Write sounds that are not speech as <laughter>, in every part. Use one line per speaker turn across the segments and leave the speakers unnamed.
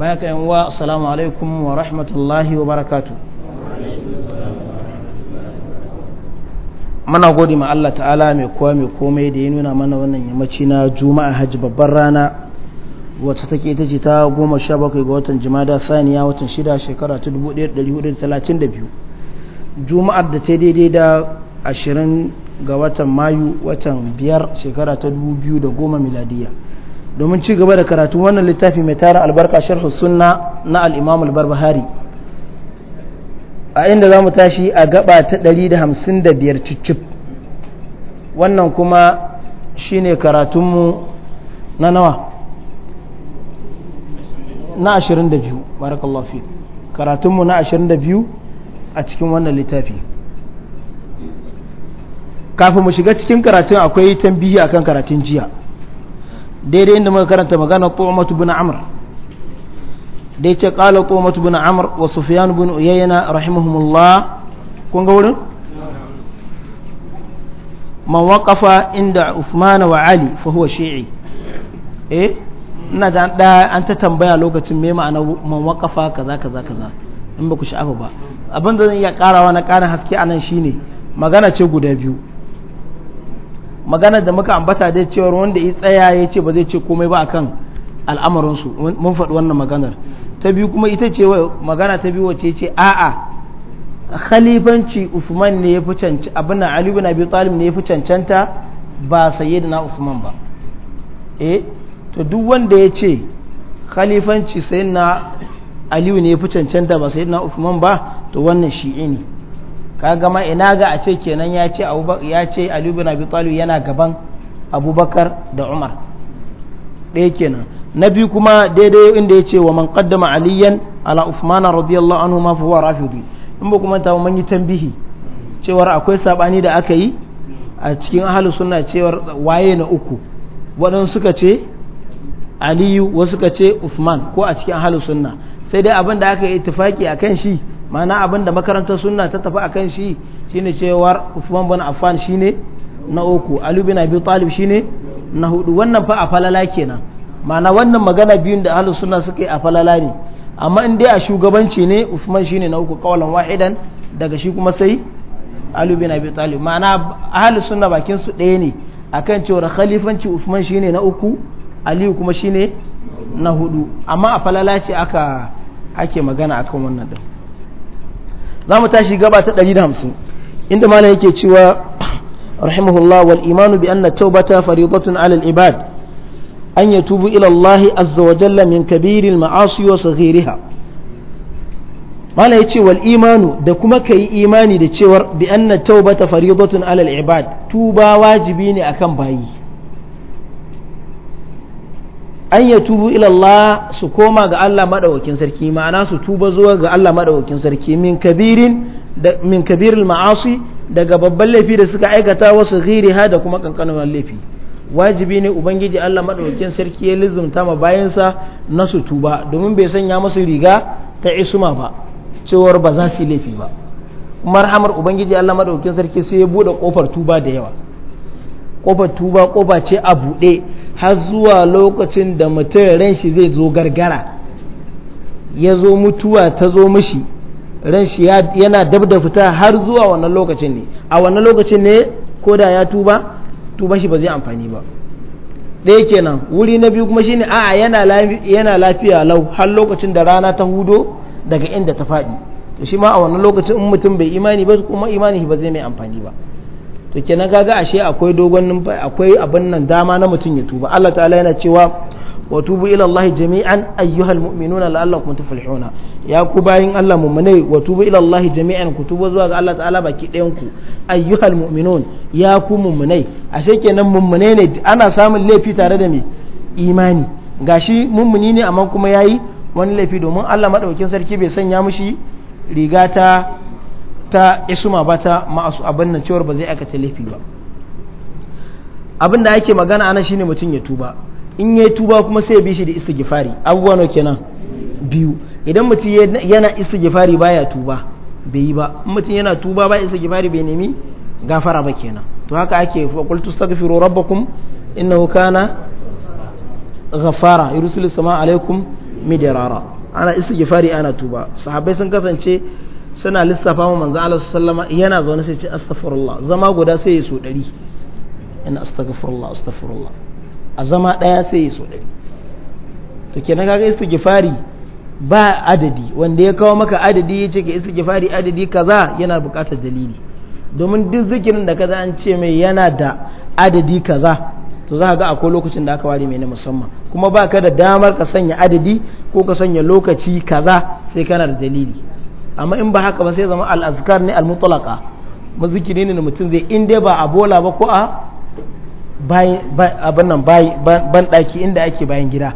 bayaka ka yan uwa assalamu alaikum wa rahmatullahi wa barakatu mana gode ma Allah ta'ala mai kowa mai komai da ya nuna mana wannan yammaci na juma'a hajji babbar rana wacce take ita ce ta goma sha bakwai ga watan jimada saniya watan shida shekara ta dubu da talatin biyu. juma'ar da ta daidai da ashirin ga watan mayu watan biyar shekara ta dubu biyu da goma miladiya domin ci gaba da karatu wannan littafi mai tara albarka sharh sunna na al-imam al-barbahari a inda za mu tashi a gaba ta 155 cicci wannan kuma shine karatunmu na nawa na 22 barakallahu fi karatunmu na 22 a cikin wannan littafi kafin mu shiga cikin karatun akwai tambihi akan karatun jiya daidai inda muka karanta magana tu'matu bin amr dai ce qala tu'matu bin amr wa sufyan bin uyayna rahimahumullah kun ga wurin man waqafa inda uthman wa ali fa huwa shi'i eh ina da da an ta tambaya lokacin me ma'ana man waqafa kaza kaza kaza in ba ku sha'afa ba abin da zan iya karawa na karin haske anan shine magana ce guda biyu maganar da muka ambata dai cewar wanda ya tsaya ya ce ba zai ce komai ba akan al'amuransu mun faɗi wannan maganar ta biyu kuma ita ce magana ta biyu wace ce a'a khalifanci Uthman ne ya fi cancanta abin Ali bin Abi Talib ne ya fi cancanta ba sayyidina Uthman ba eh to duk wanda ya ce khalifanci sayyidina Ali ne ya fi cancanta ba sayyidina Uthman ba to wannan shi'i ne ka gama ina ga a ce kenan ya ce ya Ali bin Abi Talib yana gaban Abubakar da Umar ɗaya kenan na biyu kuma daidai inda ya ce wa man qaddama aliyan ala Uthman radiyallahu anhu ma huwa rafidi in ba kuma ta mun yi tambihi cewar akwai sabani da aka yi a cikin ahlus sunna cewar waye na uku wadan suka ce Aliyu wasu suka ce Uthman ko a cikin ahlus sunna sai dai abin da aka yi ittifaki akan shi mana abin da makarantar sunna ta tafi akan shi shine cewar Uthman bin Affan shine na uku Ali bin Abi Talib shine na hudu wannan fa a falala kenan mana wannan magana biyun da ahlus sunna suka yi a falala ne amma in dai a shugabanci ne Uthman shine na uku kawalan wahidan daga shi kuma sai Ali bin Abi Talib mana ahlus sunna bakin su ɗaya ne akan cewar khalifanci Uthman shine na uku Ali kuma shine na hudu amma a falala ce aka ake magana akan wannan din za mu tashi gaba ta 150 inda malam yake cewa <coughs> rahimahullah wal imanu bi anna tawbata faridatun ala al ibad an yatubu ila Allah azza wa jalla min kabiril ma'asi wa saghiriha malam yace wal imanu da kuma kai imani da cewar bi anna tawbata faridatun ala al ibad tuba wajibi ne akan bayi an ya tubu ilallah su koma ga Allah maɗaukakin sarki ma'ana su tuba zuwa ga Allah maɗaukakin sarki min kabirin min ma'asi daga babban laifi da suka aikata wasu ghiri ha da kuma kankanin laifi wajibi ne ubangiji Allah maɗaukakin sarki ya lizumta ma bayansa na su tuba domin bai sanya musu riga ta isuma ba cewar ba za su laifi ba marhamar ubangiji Allah maɗaukakin sarki sai ya buɗe kofar tuba da yawa kofar tuba kofa ce a buɗe har zuwa lokacin da mutum ran zai zo gargara ya zo mutuwa ta zo mishi ran shi yana dab da fita har zuwa wannan lokacin ne a wannan lokacin ne ko da ya tuba tuban shi ba zai amfani ba ɗaya kenan wuri na biyu kuma shine a'a yana lafiya lau har lokacin da rana ta hudo daga inda ta faɗi to shi ma a wannan lokacin in mutum bai imani ba kuma imani ba zai mai amfani ba to kenan kaga ashe akwai dogon numfashi akwai abin nan dama na mutum ya tuba Allah ta'ala yana cewa wa tubu ila Allah jami'an ayyuhal mu'minuna la'allakum tuflihuna ya ku bayin Allah mu'minai wa tubu ila Allah jami'an ku tuba zuwa ga Allah ta'ala baki ɗayan ku ayyuhal mu'minun ya ku mu'minai ashe kenan mu'minai ne ana samun laifi tare da me imani gashi mumini ne amma kuma yayi wani laifi domin Allah madaukakin sarki bai sanya mushi rigata. ta isma ba ta ma'asu abin nan cewar ba zai aikata laifi ba abin da ake magana ana shine mutum ya tuba in ya tuba kuma sai ya bi shi da gifari abubuwa nawa kenan biyu idan mutum yana gifari baya tuba bai yi ba mutum yana tuba ba gifari bai nemi gafara ba kenan to haka ake fa qul tastaghfiru rabbakum innahu kana ghaffara yursilu sama alaikum midrara ana gifari ana tuba sahabai sun kasance suna lissafa wa manzo Allah sallama yana zaune sai ce astaghfirullah zama guda sai ya so ina astaghfirullah astaghfirullah a zama ɗaya sai ya so to kenan kaga istighfari ba adadi wanda ya kawo maka adadi ya ce ka istighfari adadi kaza yana bukatar dalili domin duk zikirin da kaza an ce mai yana da adadi kaza to za ka ga akwai lokacin da aka ware mai na musamman kuma ba ka da damar ka sanya adadi ko ka sanya lokaci kaza sai kana da dalili amma in ba haka ba sai zama al’azkar ne ne al-mutlaqa mazikiri ne mutum zai inda ba a bola ba ko a bayan ban ɗaki inda ake bayan gida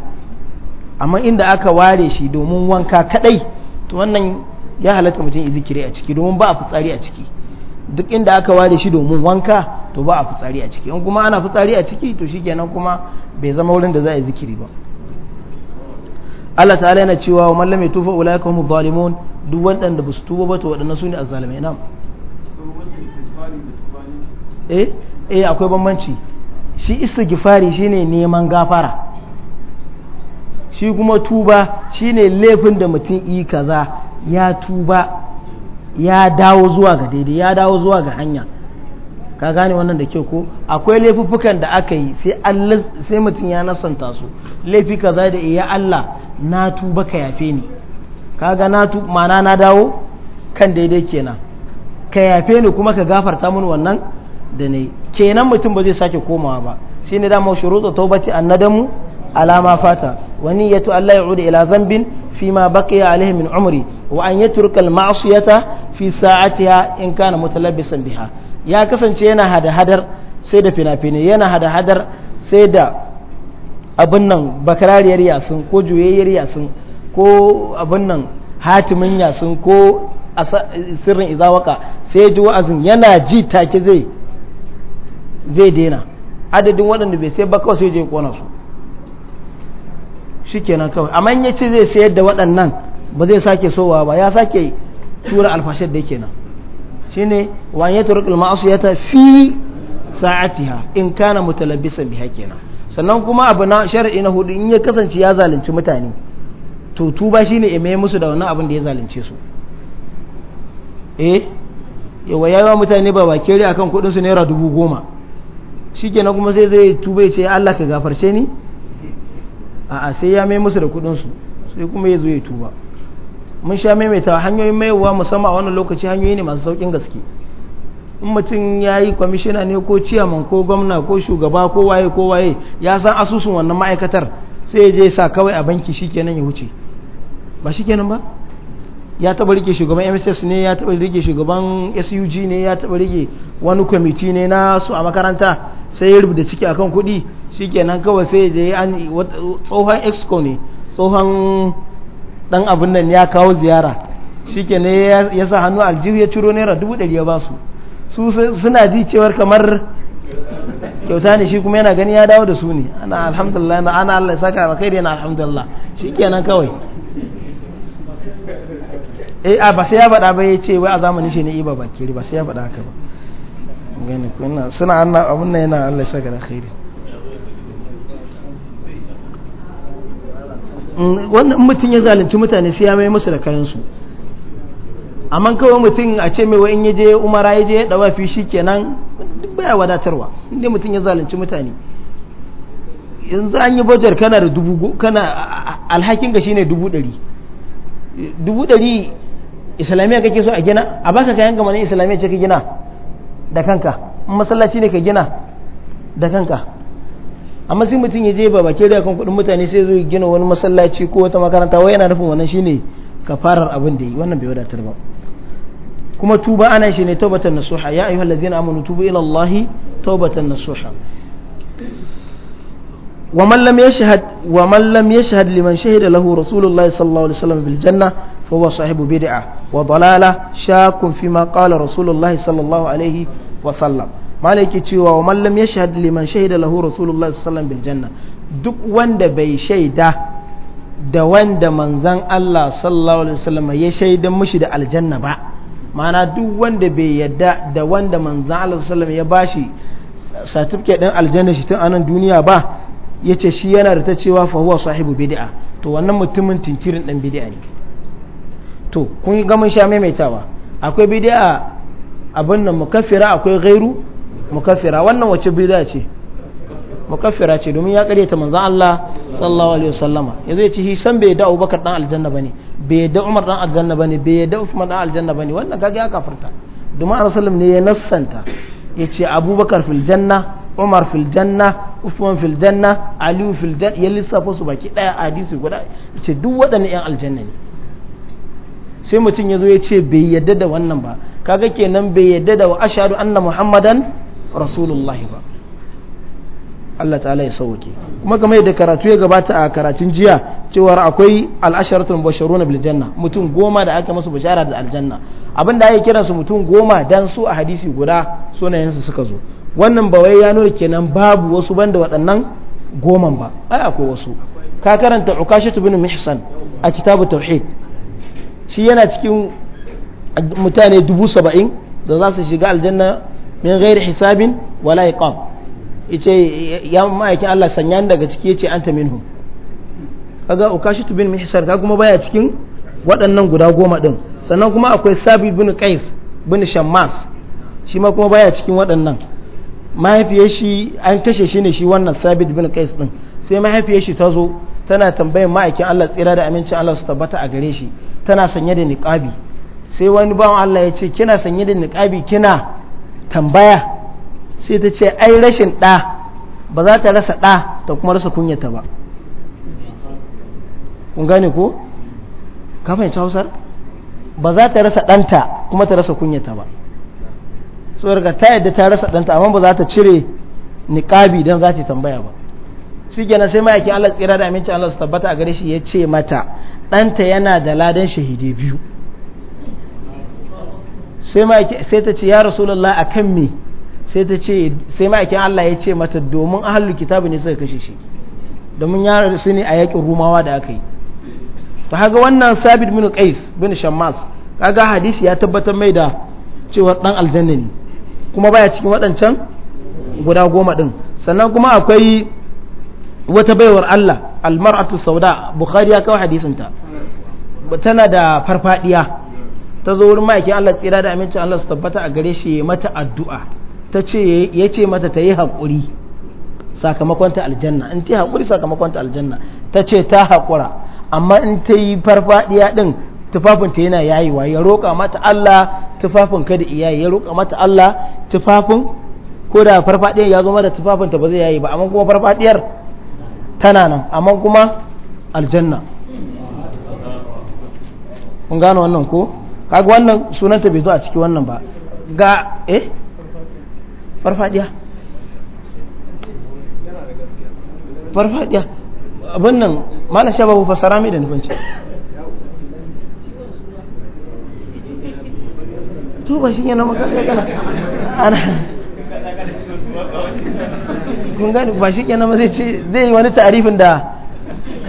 amma inda aka ware shi domin wanka kadai to wannan ya halatta mutum yi zikiri a ciki domin ba a fitsari a ciki duk inda aka ware shi domin wanka to ba a fitsari a ciki in kuma ana fitsari a ciki to shikenan kuma bai zama wurin da za a yi zikiri ba Allah ta'ala yana cewa wa mallam ya tufa ulaika hum zalimun duk waɗanda ba su tuba ba to waɗannan su ne a nam eh eh akwai bambanci shi istighfari shine neman gafara shi kuma tuba shine laifin da mutum yi kaza ya tuba ya dawo zuwa ga daidai ya dawo zuwa ga hanya ka gane wannan da kyau ko akwai laifukan da aka yi sai mutum ya nasanta su laifi kaza da iya Allah na tuba ka yafe ni kaga na tu mana na dawo kan daidai kenan ka yafe ni kuma ka gafarta mun wannan da ne kenan mutum ba zai sake komawa ba shi ne dama an taubati annadamu alama fata wani yatu Allah ya'udu ila zambin fi ma baqiya alaihi min umri wa an yatruka al ma'siyata fi sa'atiha in kana mutalabbisan biha ya kasance yana hada hadar sai da fina-finai yana hada hadar sai da abin nan bakarariyar yasin ko juyayyar yasin ko abin nan hatimin yasin ko sirrin izawaka sai ji wa'azin yana ji take zai zai daina adadin waɗanda bai sai baka sai je kona su shikenan kawai amma in yace zai sayar da waɗannan ba zai sake sowa ba ya sake tura alfashar da Shi shine wa ya turqul ma'asiyata fi sa'atiha in kana mutalabbisan biha kenan sannan kuma abu na shar'i na hudu in ya kasance ya zalunci mutane to tuba shine ya mai musu da wannan abin da ya zalunce su eh yawa yawa mutane ba ba kere akan kudin su naira dubu goma shikenan kuma sai zai tuba ya ce Allah ka gafarce ni a sai ya mai musu da kudin su sai kuma ya zo ya tuba mun sha maimaita hanyoyin maiwa musamman a wannan lokaci hanyoyi ne masu saukin gaske in mutum ya yi kwamishina ne ko ciyaman ko gwamna ko shugaba ko waye ko waye ya san asusun wannan ma'aikatar sai ya je sa kawai a banki shikenan ya wuce ba shi kenan ba ya taba rike shugaban mss ne ya taba rike shugaban sug ne ya taba rike wani kwamiti ne na su a makaranta sai ya rubuta ciki akan kuɗi kenan kawai sai da an tsohon exco ne tsohon dan abin nan ya kawo ziyara shi kenan ya sa hannu aljihu ya ciro naira dubu ɗari ya ba su su suna ji cewar kamar kyauta ne shi kuma yana gani ya dawo da su ne ana alhamdulillah ana Allah ya saka alkhairi na alhamdulillah shi kenan kawai eh a ba sai ya faɗa ba ya ce wai a zamanin shi ne iba baki ba sai ya faɗa haka ba gani kuna suna anna abun nan yana Allah saka da khairi mm, wannan mutum ya zalunci mutane sai ya mai musu da kayan su amma kawai mutum a ce mai wa'in yaje umara yaje ya dawa fi shikenan duk baya wadatarwa inda mutum ya zalunci mutane yanzu an yi bajar kana da dubu kana alhakin ga shine dubu ɗari dubu ɗari islamiyya kake so a gina a baka kayan gamanin islamiyya ce ka gina da kanka masallaci ne ka gina da kanka amma sai mutum ya je ba bakin da kan kuɗin mutane sai zo gina wani masallaci ko wata makaranta wai yana nufin wannan shine kafarar abin da yi wannan bai wadatar ba kuma tuba ana shi ne taubatan nasuha ya ayyuhal ladzina amanu tubu ila allahi taubatan nasuha ومن لم يشهد ومن لم يشهد لمن شهد له رسول الله صلى الله عليه وسلم بالجنة فهو صاحب بدعة وضلالة شاك فيما قال رسول الله صلى الله عليه وسلم cewa wa mallam ya shahad liman shahida lahu rasulullah sallallahu bil janna duk wanda bai shaida da wanda manzan Allah sallallahu alaihi wasallam ya shaida mushi da aljanna ba mana duk wanda bai yadda da wanda manzan Allah sallallahu alaihi wasallam ya bashi certificate ɗin aljanna shi tun anan duniya ba ya ce shi yana da ta cewa fa huwa sahibu bid'a to wannan mutumin tinkirin dan bid'a ne to kun ga mun sha maimaitawa akwai bid'a abin nan mukaffira akwai ghairu mukaffira wannan wace bid'a ce mukaffira ce domin ya karyata manzon Allah sallallahu alaihi wasallama yanzu ya ce shi san bai da Abubakar dan aljanna bane bai da Umar dan aljanna bane bai da Uthman dan aljanna bane wannan kage ya kafirta domin Rasulullahi ne ya nassanta yace Abubakar fil janna Umar fil janna Uthman fil janna Ali fil janna ya lissafa su baki daya hadisi guda ce duk waɗannan yan aljanna ne sai mutum ya zo ya ce bai yadda da wannan ba kaga kenan bai yadda da wa ashadu anna muhammadan rasulullah ba Allah ta'ala ya sauke kuma kamar yadda karatu ya gabata a karatun jiya cewa akwai al'asharatul basharuna bil janna mutum goma da aka masu bashara da aljanna abin da ake kira su mutum goma dan su a hadisi guda sunayensu suka zo wannan ba wai ya nuna kenan babu wasu banda waɗannan goman ba ai akwai wasu ka karanta ukashatu bin mihsan a kitabu tauhid shi yana cikin mutane dubu saba'in da za su shiga aljanna min ghairi hisabin wala iqam yace ya ma'aikin Allah sanya ni daga ciki yace anta minhum kaga ukashatu bin mihsan ka kuma baya cikin waɗannan guda goma din sannan kuma akwai sabi bin qais bin shammas shi ma kuma baya cikin waɗannan mahaifiyar shi an kashe shi ne shi wannan sabit bin kais din sai mahaifiyar shi ta zo tana tambayin ma'aikin Allah tsira da amincin Allah su tabbata a gare shi tana sanye da niqabi sai wani bawan Allah ya ce kina sanye da niqabi kina tambaya sai ta ce ai rashin ɗa ba za ta rasa ɗa ta kuma rasa kunyata ba hausar ba za ta rasa ɗanta kuma ta rasa kunyata ba so ta yadda ta rasa ɗanta amma ba za ta cire niƙabi don za ta tambaya ba shi gina sai ma'aikin Allah tsira da amincin Allah su tabbata a gare shi ya ce mata ɗanta yana da ladan shahidai biyu sai ta ce ya rasulullah a kan me sai ma'aikin Allah ya ce mata domin ahallu kitabu ne suka kashe shi domin ya rasu ne a yaƙin rumawa da aka yi ta haga wannan sabit bin qais bin shammas kaga hadisi ya tabbatar mai da cewar ɗan aljanna ne kuma baya cikin waɗancan guda goma ɗin sannan kuma akwai wata baiwar Allah almar'atu sauda bukhari ya kawo hadisinta tana da farfadiya ta zo wurin ma'aikin Allah tsira da amincin Allah su tabbata a gare shi mata addu'a ta ce ya ce mata ta yi haƙuri sakamakon ta aljanna in ta yi haƙuri sakamakon ta aljanna ta ce ta haƙura amma in ta yi farfadiya din tufafin ta yana yayiwa ya roƙa mata Allah tufafin ka da iyaye ya roƙa mata Allah tufafin ko da farfadiyar ya zo mata tufafin ta ba zai yayi ba amma kuma farfadiyar tana nan amma kuma aljanna kun gano wannan ko kaga wannan sunanta bai zo a ciki wannan ba ga eh farfadiya farfadiya abin nan malam sha fasara mai da nufanci tu ba shi yana maka gagana kun gani ba shi yana ma zai yi wani tarifin da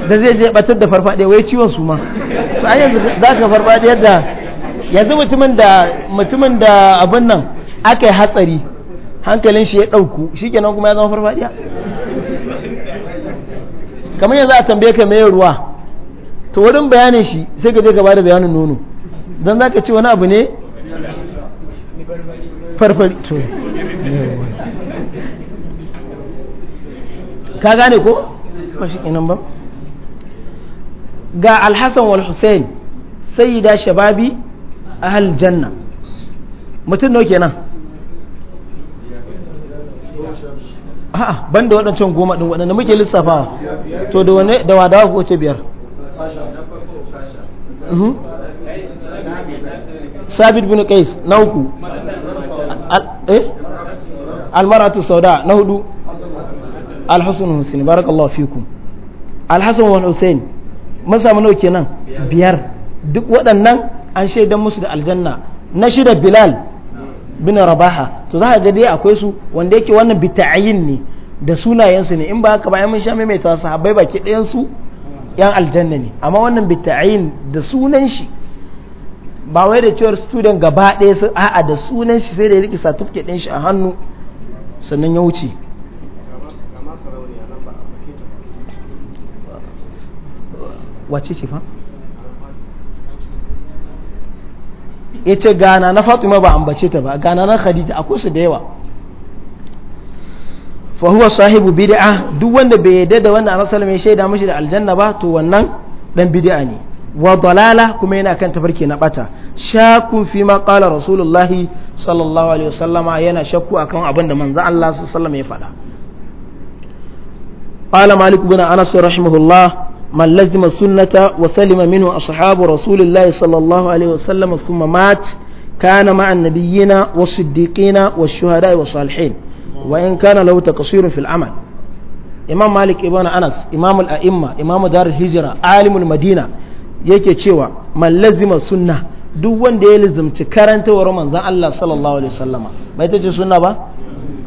da zai je batar da farfade wai ciwon su ma to an yanzu za ka farfade yadda yanzu mutumin da mutumin da abin nan aka yi hatsari hankalin shi ya dauku shi kenan kuma ya zama farfaɗiya kamar yanzu a tambaye ka mai ruwa to wurin bayanin shi sai ka je ka bada bayanin nono don za ka ce wani abu ne farfari ka gane ko ba shi ba ga alhassan wal hussein sayyida shababi ahal janna mutum nau kenan a'a ban da waɗancan goma ɗin waɗanda muke lissafawa to da wane da wadawa ko ce biyar
mhm. sabit bin qais na uku Eh?
almaratu sauda na hudu alhassan hussein barakallahu fikum alhassan wani hussein mun samu kenan biyar duk waɗannan an shaidan musu da aljanna na shida bilal bin rabaha to za a ga dai akwai su wanda yake wannan bita'ayin ne da sunayensu ne in ba haka ba mun sha maimaita sahabbai ke ɗayan su yan aljanna ne amma wannan bita'ayin da sunan shi ba wai da cewar student gaba ɗaya su a'a da sunan shi sai da ya riƙe certificate ɗin shi a hannu sannan ya wuce wace ce fa ya gana na fatima ba ambace ta ba gana na khadija akwai su da yawa fahuwa sahibu bid'a duk wanda bai yadda da wanda annabi sallallahu alaihi shaida mashi da aljanna ba to wannan dan bid'a ne wa dalala kuma yana kan tafarki na bata shakun fi ma qala rasulullah sallallahu alaihi wasallama yana shakku akan abin da manzo Allah sallallahu ya faɗa qala malik ibn anas rahimahullah man lazima sunnata wa salima minhu ashabu rasulillah sallallahu alaihi wasallam thumma mat kana ma'a an-nabiyyina wa siddiqina wash-shuhada'i was-salihin wa in kana lahu taqsirun fil amal imam malik ibn anas imam al-a'imma imam dar al alimul madina yake cewa man lazima sunna duk wanda ya lazimci karantawar manzan Allah sallallahu alaihi wasallama bai ta ce sunna ba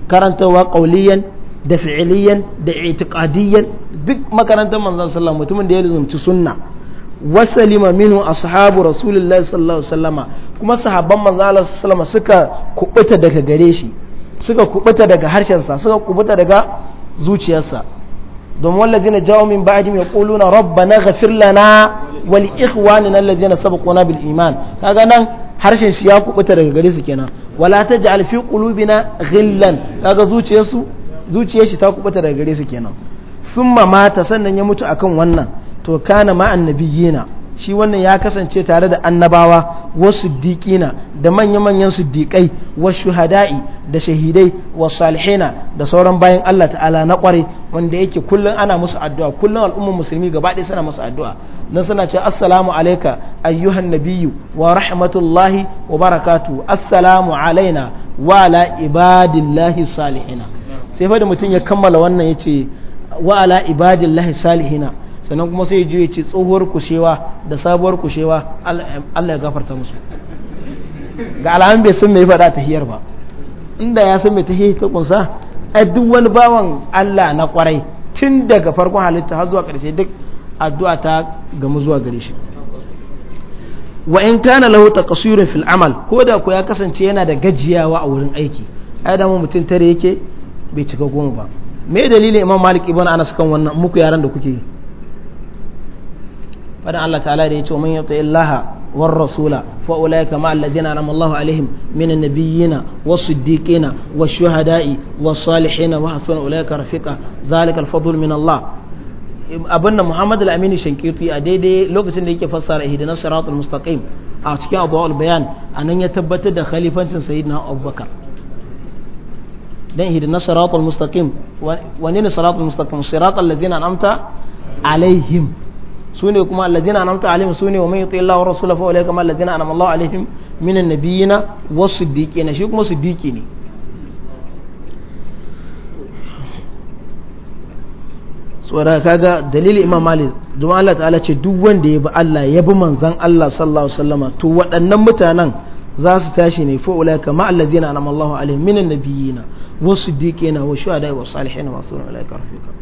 karantawa qauliyan da fi'iliyan da itiqadiyan duk makarantar manzan sallallahu mutumin da ya lazimci sunna wasalima minhu ashabu rasulullahi sallallahu alaihi wasallama kuma sahabban manzan Allah sallallahu suka kubuta daga gare shi suka kubuta daga harshensa suka kubuta daga zuciyarsa domin wallazina jawo min ba'dihim yaquluna rabbana ghafir lana wa li ikhwanina allazina sabaquna bil iman kaga nan harshen shi ya kubuta daga gare su kenan wala taj'al fi na ghillan kaga zuciyarsu zuciyar shi ta kubuta daga gare su kenan summa mata sannan ya mutu akan wannan to kana ma annabiyina shi wannan ya kasance tare da annabawa wasu diƙina da manya-manyan siddiƙai wa shuhada'i da shahidai wa salihina da sauran bayan Allah ta'ala na ƙware wanda yake kullum ana musu addu'a kullum al'ummar musulmi gaba ɗaya suna musu addu'a nan suna ce assalamu alaika ayyuhan nabiyyu wa rahmatullahi wa barakatu assalamu alaina wa ala ibadillahi salihina sai fa da mutum ya kammala wannan ya ce wa ala ibadillahi salihina sannan kuma sai ya ce tsohuwar kushewa da sabuwar kushewa Allah ya gafarta musu ga alamun bai san mai faɗa hiyar ba inda ya san mai hiyar ta kunsa a duk wani bawan Allah na kwarai tun daga farkon halitta har zuwa ƙarshe duk addu'a ta gamu zuwa gare shi wa in kana lahu taqsirun fil amal ko ko ya kasance yana da gajiyawa a wurin aiki ai da mutum tare yake bai cika goma ba me dalilin imam malik ibn anas kan wannan muku yaran da kuke fadan Allah ta'ala da ya ce man yuti illaha war rasula fa ulaika ma alladhina anama Allahu alaihim min an-nabiyyina was-siddiqina wash-shuhada'i was-salihina wa hasuna ulaika rafiqa dhalika al-fadl min Allah abin da Muhammad al-Amini Shankiti a daidai lokacin da yake fassara ihdinas siratal mustaqim a cikin adwa'ul bayan anan ya tabbatar da khalifancin sayyidina Abubakar dan ihdinas siratal mustaqim wa ne siratal mustaqim siratal ladzina an'amta alaihim sune kuma alladina anamta alaihim sune wa man yuti Allah wa rasulahu fa ulaika ma alladina anama Allah alaihim minan nabiyina was-siddiqina shi kuma siddiqi ne saboda kaga dalilin Imam Malik duma Allah ta'ala ce duk wanda ya bi Allah ya bi manzan Allah sallallahu alaihi wasallama to waɗannan mutanen za su tashi ne fa ulaika ma alladina anama Allah alaihim minan nabiyina was-siddiqina wa shuhada wa salihina wa sallallahu alaihi wa sallam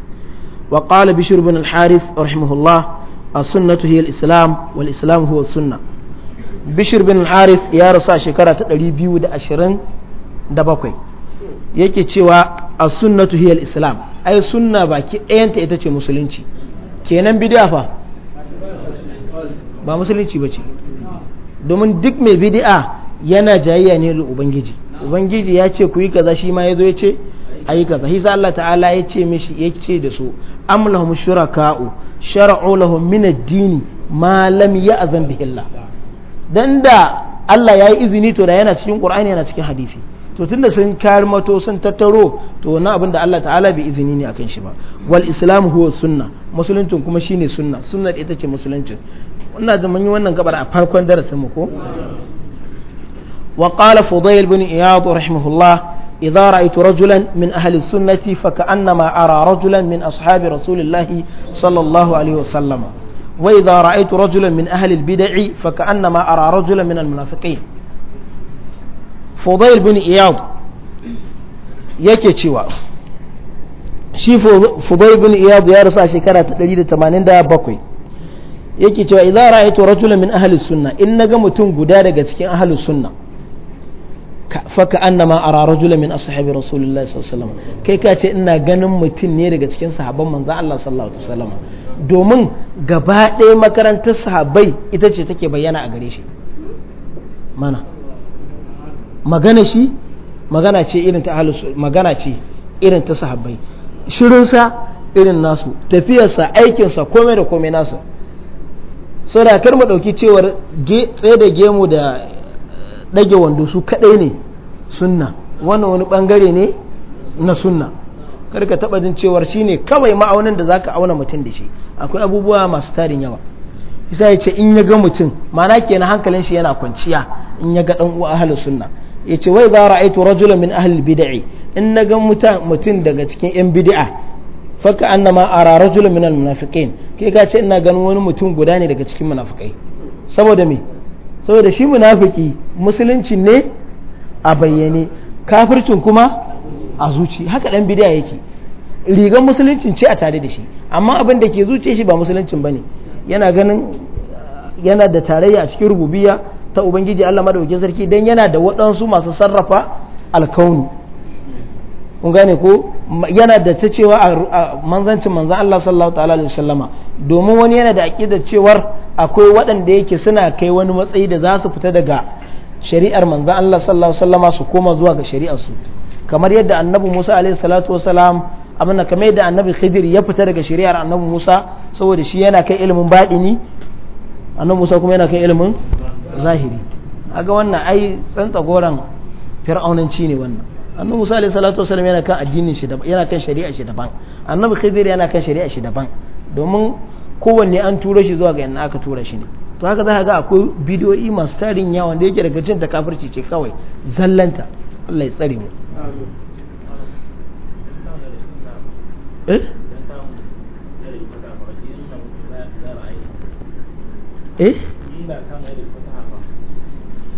wa qala bishr ibn al-harith rahimahullah السنة هي الإسلام والإسلام هو السنة bishir bin harith ya rasu a shekara ta 227 yake cewa a sunnatu hiyar islam ai sunna ki ɗayanta ita ce musulunci kenan bidi'a fa ba musulunci ba ce domin duk mai bidi'a yana jayayya ne da ubangiji ubangiji ya ce ku yi kaza shi ma ya zo ya ce ayyukan sa Allah ta'ala ya ce mishi ya ce da su am shuraka'u shar'u lahum min ad-din ma lam ya'zan bihi Allah dan da Allah ya yi izini to da yana cikin Qur'ani yana cikin hadisi to tunda sun kalmato sun tattaro to wannan abin da Allah ta'ala bai izini ne akan shi ba wal islam huwa sunna musuluncin kuma shine sunna sunna ita ce musuluncin ina da mun yi wannan gabar a farkon darasin mu ko wa qala fudayl bin iyad rahimahullah إذا رأيت رجلا من أهل السنة فكأنما أرى رجلا من أصحاب رسول الله صلى الله عليه وسلم وإذا رأيت رجلا من أهل البدع فكأنما أرى رجلا من المنافقين فضيل بن إياض yake cewa shi fudai bin iyad ya rasu a shekara ta 187 yake cewa idan ra'aytu rajulan min ahli sunna in naga mutum guda daga cikin ahli sunna faka annama ara rajulan min ashabi rasulullah sallallahu alaihi wasallam kai ka ce ina ganin mutum ne daga cikin sahabban manzon Allah sallallahu alaihi wasallam domin gaba ɗaya makarantar sahabbai ita ce take bayyana a gare shi mana magana shi magana ce irin ta ahlus magana ce irin ta sahabbai shirinsa irin nasu tafiyarsa aikinsa komai da komai nasu saboda kar mu dauki cewar tsaye da gemu da ɗage wando su kaɗai ne sunna wannan wani ɓangare ne na sunna karka taɓa jin cewar shi ne kawai ma'aunin da zaka auna mutum da shi akwai abubuwa masu tarin yawa isa ya ce in ya ga mutum mana kenan hankalin shi yana kwanciya in ya ga ɗan uwa ahli sunna ya ce wai za ra'aitu rajulan min ahli bid'i in na ga mutum daga cikin yan bida'a faka annama ara rajulan min al-munafiqin kai ka ce ina ganin wani mutum guda ne daga cikin munafiqai saboda me saboda shi munafiki musulunci ne a bayyane kafircin kuma a zuci haka dan bidiya yake rigar musuluncin ce a tare da shi amma abin da ke zuce shi ba musuluncin bane yana ganin uh, yana da tarayya a cikin rububiya ta ubangiji Allah madaukakin sarki dan yana da waɗansu masu sarrafa alkauni kun gane ko yana da ta cewa a manzancin manzan Allah sallallahu ta'ala alaihi wasallama domin wani yana da aqidar cewar akwai waɗanda yake suna kai wani matsayi da za su fita daga shari'ar manzan Allah sallallahu alaihi wasallama su koma zuwa ga shari'ar su kamar yadda annabi Musa alaihi salatu wasalam abinda kamar yadda annabi Khidir ya fita daga shari'ar annabi Musa saboda shi yana kai ilimin baɗini annabi Musa kuma yana kai ilimin zahiri aga wannan ai tsantsa goran fir'aunanci ne wannan annabi Musa alaihi salatu wasalam yana kan addinin shi daban yana kan shari'a shi daban annabi Khidir yana kan shari'a shi daban domin kowanne an turo shi zuwa ga yana aka tura shi ne to haka za ka ga akwai bidiyoyi masu tarin yawa da yake daga cin ta ce kawai zallanta Allah ya tsare mu eh eh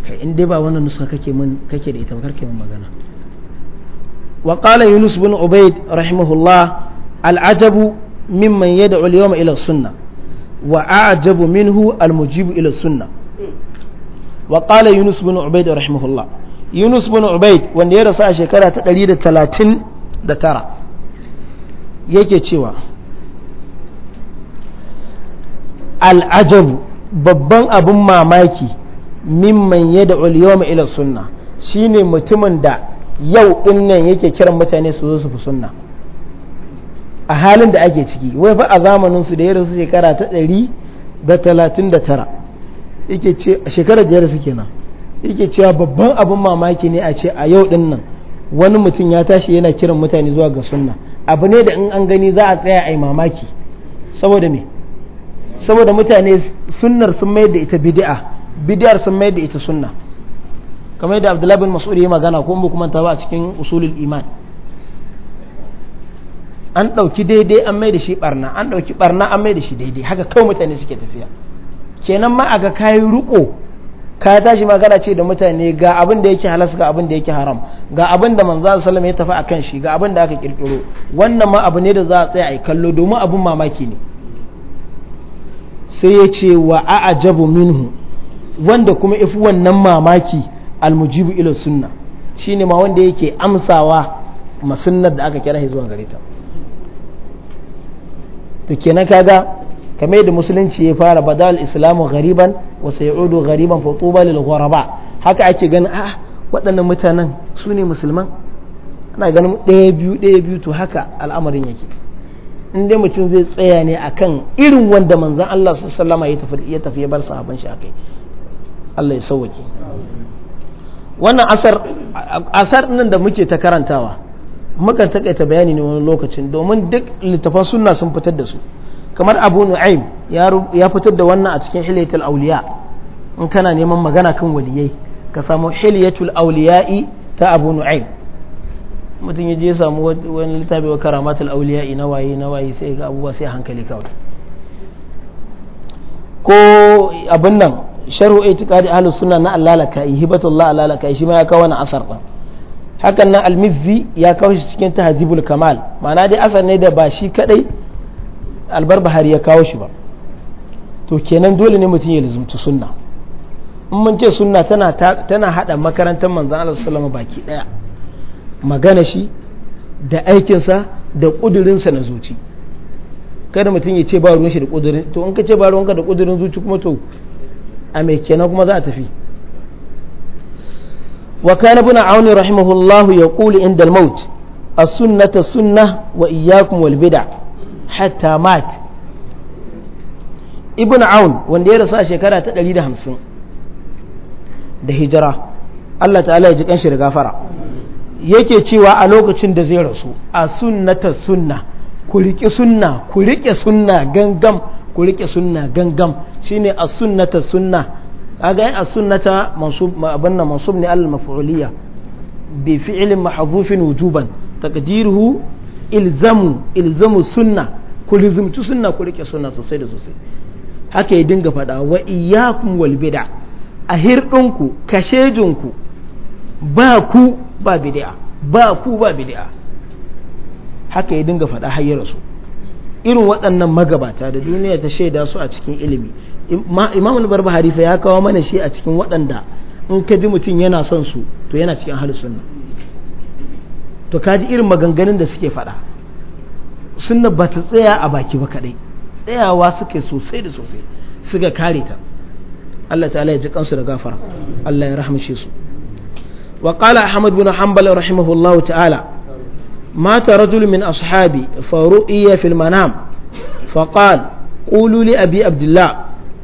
kai in dai ba wannan nusa kake mun kake da ita ba karke mun magana wa qala yunus bin ubayd rahimahullah al-ajabu mimman yad'u al-yawma ila sunnah wa a'jabu minhu al-mujibu ila sunnah wa yunus bin ubayd rahimahullah yunus bin ubayd wanda ya rasu a shekara ta 139 yake cewa al'ajabu babban abin mamaki mimman da uliyoma ila sunna shine mutumin da yau dinnan yake kiran mutane su zo su fi sunna a halin da ake ciki wai fa a zamanin su da ya rasu shekara ta ɗari da talatin da tara yake ce shekarar da ya rasu kenan yake cewa babban abin mamaki ne a ce a yau din nan wani mutum ya tashi yana kiran mutane zuwa ga sunna abu ne da in an gani za a tsaya a yi mamaki saboda me saboda mutane sunnar sun mai da ita bid'a bid'ar sun mai da ita sunna kamar yadda abdullahi bin mas'ud ya magana ko kuma ta ba a cikin usulul iman an ɗauki daidai an mai da shi barna an ɗauki barna an mai da shi daidai haka kawai mutane suke tafiya kenan ma aga kayi riko ka tashi magana ce da mutane ga abin da yake halas ga abin da yake haram ga abin da manzo sallallahu ya tafi akan shi ga abin da aka kirkiro wannan ma abu ne da za a tsaya a kallo domin abin mamaki ne sai ya ce wa a'jabu minhu wanda kuma ifi wannan mamaki almujibu ila sunna shine ma wanda yake amsawa masunnar da aka kira zuwa gare ta to kenan kaga kame da musulunci ya fara badal islamu ghariban wa sayudu ghariban fa tuba lil ghuraba haka ake ganin a ah, waɗannan mutanen su ne musulman ana ganin ɗaya biyu ɗaya biyu to haka al'amarin yake in dai mutum zai tsaya ne akan irin wanda manzon Allah sallallahu alaihi wasallam ya tafi ya bar sahabban shi akai Allah ya sauwake wannan asar asar nan da muke ta karantawa mukan takaita bayani ne wani lokacin domin duk littafan sunna sun fitar da su kamar abu nu'aim ya fitar da wannan a cikin hilayatul auliya in kana neman magana kan waliyai ka samu hilayatul auliya'i ta abu nu'aim mutum ya je samu wani littafi wa karamatul auliya'i na waye na waye sai ga abubuwa sai hankali kawai ko abin nan sharhu itiqadi ahlus sunna na allalaka hibatullah allalaka shi ma ya kawo wani asar din hakan nan almizzi ya kawo shi cikin tahdibul kamal ma'ana dai asar ne da ba shi kadai bahari ya kawo shi ba to kenan dole ne mutum ya lizumci sunna in mun ce sunna tana tana hada makarantar manzon Allah sallallahu baki daya magana shi da aikinsa da kudurinsa na zuci kada mutum ya ce ba ruwan shi da kudurin to in ka ce ba ka da kudurin zuci kuma to a mai kenan kuma za a tafi وكان ابن عون رحمه الله يقول عند الموت السنة السنة وإياكم والبدع حتى مات ibn aun wanda ya rasu a shekara ta 150 da hijira Allah ta'ala ya ji kanshi da gafara yake cewa a lokacin da zai rasu a sunnata sunna ku riƙe sunna ku sunna gangam ku riƙe sunna gangam shine a sunnata sunna kaga yin asunata sunnata mansub mansub ne al maf'uliyya bi fi'ilin mahazufin wujuban taqdiruhu ilzamu ilzamu sunna ku lizumci sunna ku rike sunna sosai da sosai haka ya dinga fada wa iyyakum wal bid'a a hirɗinku kashejinku ba ku ba bid'a ba ku ba bid'a haka ya dinga faɗa har su irin waɗannan magabata da duniya ta shaida su a cikin ilimi imam al-barbahari fa ya kawo mana shi a cikin waɗanda in ka ji mutum yana son su to yana cikin ahlus sunna to ka ji irin maganganun da suke faɗa sunna ba ta tsaya a baki ba kaɗai tsayawa suke sosai da sosai suka kare ta Allah ta'ala ya ji kansu da gafara Allah ya rahmace su wa qala ahmad bin hanbal rahimahullahu ta'ala mata رجل من أصحابي فرؤي في المنام فقال قولوا لأبي عبد الله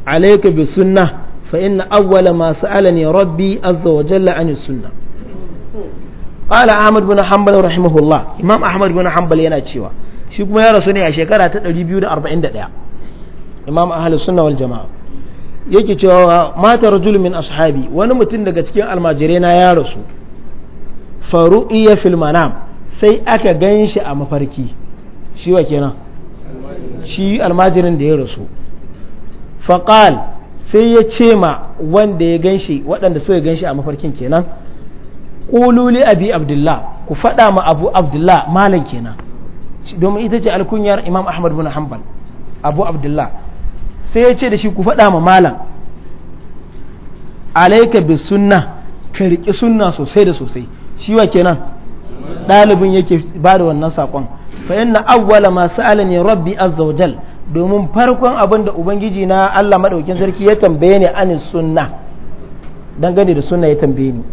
alayka bi sunna fa inna awwala ma sa'alani rabbi azza wa jalla an sunnah qala ahmad bin hanbal rahimahullah imam ahmad bin hanbal yana cewa shi kuma ya rasu ne a shekara ta 241 imam ahlus sunna wal jamaa yake cewa mata rajul min ashabi wani mutum daga cikin almajirai na ya rasu faru'iya fil manam sai aka gan shi a mafarki shi wa kenan shi almajirin da ya rasu faƙal sai ya ce ma wanda ya ganshi waɗanda suka ganshi a mafarkin kenan ƙululi abi abdullah ku faɗa ma abu abdullah malam kenan domin ita ce alkunyar imam ahmad bin hanbal abu abdullah sai ya ce da shi ku faɗa ma malam alaika bi sunna ka riƙi sunna sosai da sosai shi wa kenan ɗalibin yake ba da wannan saƙon fa inna awwala ma sa'alani rabbi azza domin farkon abin da ubangiji na Allah maɗaukin sarki ya tambaye ni anin sunna dangane da sunna ya tambaye ni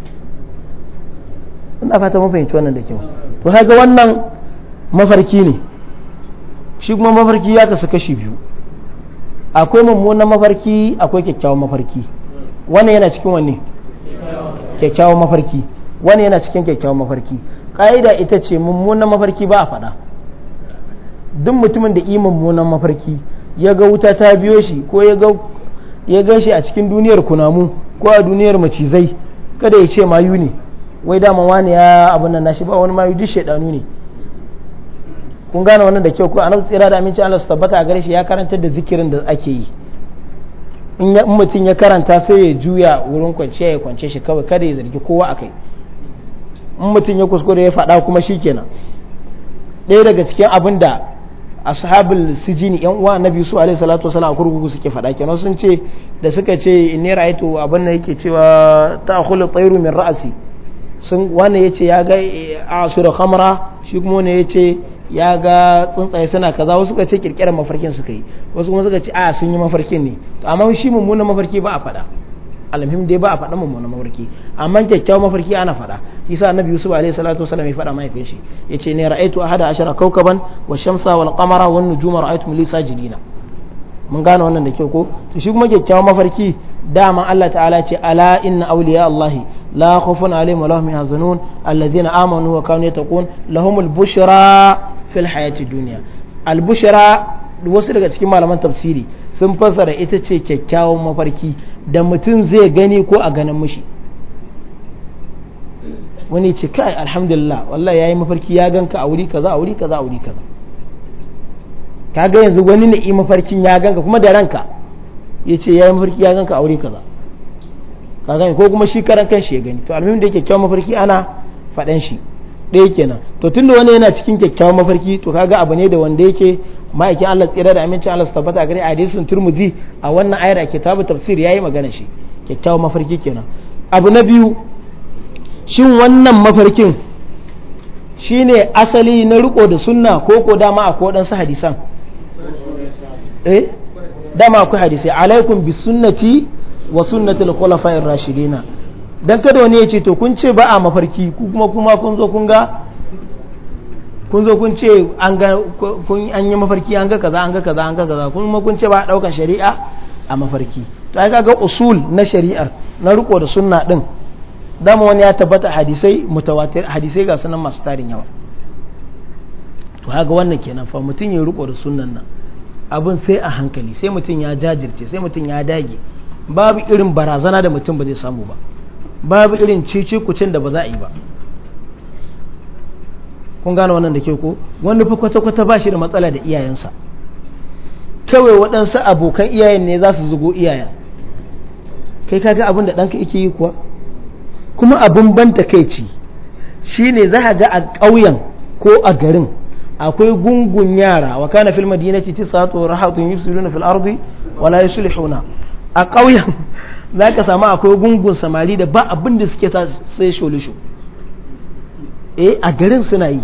ina fata mun fahimci wannan da kyau to haka wannan mafarki ne shi kuma mafarki ya kasu kashi biyu akwai mummunan mafarki akwai kyakkyawan mafarki wannan yana cikin wanne kyakkyawan mafarki wannan yana cikin kyakkyawan mafarki ƙa'ida ita ce mummunan mafarki ba a faɗa duk mutumin da iman munan mafarki ya ga wuta ta biyo shi ko ya ga gan shi a cikin duniyar kunamu ko a duniyar macizai kada ya ce mayu ne wai dama wani ya abin nan nashi ba wani mayu duk shaidanu ne kun gane wannan da kyau ko annabi tsira da aminci Allah su tabbata a gare shi ya karanta da zikirin da ake yi in mutum ya karanta sai ya juya wurin kwanciya ya kwance shi kawai kada ya zargi kowa akai in mutum ya kuskure ya faɗa kuma shikenan ɗaya daga cikin abin da ashabul sijini yan uwa annabi su alaihi salatu wasalam a kurkuku suke faɗa kenan sun ce da suka ce inni ra'aytu abin da yake cewa khulu tayru min ra'si sun wani yace ya ga eh, asura khamra shi kuma ne yace ya ga tsuntsaye suna kaza wasu suka ce kirkirar mafarkin suka yi wasu kuma suka ce a sun yi mafarkin ne to amma shi mummunan mafarki ba a faɗa alhamdulillah dai ba a faɗa mummunan mafarki amma kyakkyawan mafarki ana faɗa yasa annabi yusuf alaihi salatu wasallam ya faɗa mahaifin shi yace ne ra'aitu ahada ashara kawkaban wa shamsa wal qamara wan nujuma ra'aytum li sajidina mun gane wannan da kyau ko to shi kuma kyakkyawan mafarki dama Allah ta'ala ce ala inna awliya allahi la khawfun alaihim wa lahum yahzanun alladhina amanu wa kanu yattaqun lahumul bushra fil hayati dunya al bushra wasu daga cikin malaman tafsiri sun fassara ita ce kyakkyawan mafarki da mutum zai gani ko a ganin mushi wani ce kai alhamdulillah wallahi yayi mafarki ya ganka a wuri kaza a wuri kaza a wuri kaza kaga yanzu wani ne mafarkin ya ganka kuma da ranka ya ce yayi mafarki ya ganka a wuri kaza ka gani ko kuma shi karan kan shi ya gani to alhamdulillah da kyakkyawan mafarki ana faɗan shi ɗaya kenan to tunda wani yana cikin kyakkyawan mafarki to kaga abu ne da wanda yake ma'aikin Allah tsira da amincin Allah su tabbata gare hadisin Tirmidhi a wannan ayar a kitabu tafsir yayi magana shi kyakkyawan mafarki kenan abu na biyu shin wannan mafarkin shine asali na riko da sunna ko ko dama akwai waɗansu hadisan eh dama akwai hadisai alaikum bi sunnati wa sunnatil khulafa'ir rashidina dan kada wani ya ce to kun ce ba a mafarki kuma kuma kun zo kun ga kun zo kun ce an yi mafarki an ga kaza an ga kaza an ga kaza ma kun ce ba daukan shari'a a mafarki to ai kaga usul na shari'ar na riko da sunna din dama wani ya tabbata hadisai mutawatir hadisai ga sunan masu tarin yawa to haka wannan kenan fa mutum ya riko da sunnan nan abin sai a hankali sai mutum ya jajirce sai mutum ya dage babu irin barazana da mutum ba zai samu ba babu irin cici kucin da ba za a yi ba kun gane wannan da ke ko wani fi kwata-kwata ba shi da matsala da iyayensa kawai waɗansu abokan iyayen ne za su zugo iyayen kai ka ga abin da ɗanka yake yi kuwa kuma abin ban takaici shi ne za a ga a ƙauyen ko a garin akwai gungun yara wa kana fil madinati tisatu rahatun fil ardi wala yuslihuna a ƙauyen <laughs> za ka samu akwai gungun samari da ba abin da suke sai sholisho eh a garin suna yi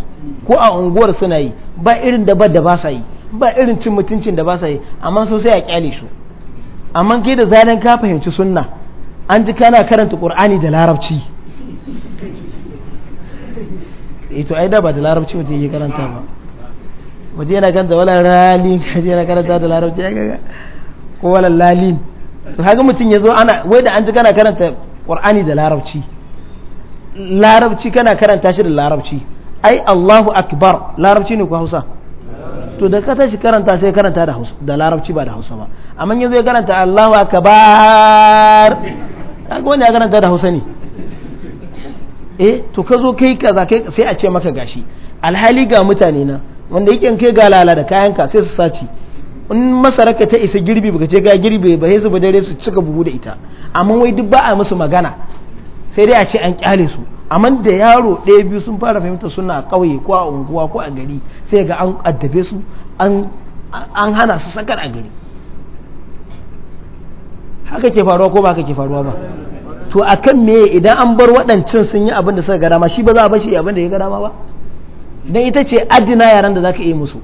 ko a unguwar suna yi ba irin da ba da ba sa yi ba irin cin mutuncin da ba sa yi amma so sai a kyale su amma ke da zanen ka fahimci sunna an ji kana karanta qur'ani da larabci eh to ai da ba da larabci mutum yake karanta ba waje yana ganta wala ralin kaje <laughs> yana karanta da larabci ya kaga ko wala lalin to haka mutum ya zo ana wai da an ji kana karanta qur'ani da larabci larabci kana karanta shi da larabci ai Allahu akbar larabci ne ku Hausa to da ka tashi karanta sai karanta da Hausa da larabci ba da Hausa ba amma yanzu ya karanta Allahu akbar kaga wanda ya karanta da Hausa ne eh to ka zo kai kaza kai sai a ce maka gashi alhali ga mutane na wanda yake kai ga lala da kayanka sai su saci in masaraka ta isa girbi baka ce ga girbe ba sai su dare su cika buhu da ita amma wai duk ba a musu magana sai dai a ce an kyale su amma da yaro ɗaya biyu sun fara fahimtar suna a ƙauye ko a unguwa ko a gari sai ga an addabe su an hana su sakar a gari haka ke faruwa ko ba haka ke faruwa ba to akan me idan an bar waɗancan sun yi abin da suka ga dama shi ba za a bashi abin da ya ga dama ba dan ita ce adina yaran da zaka iya musu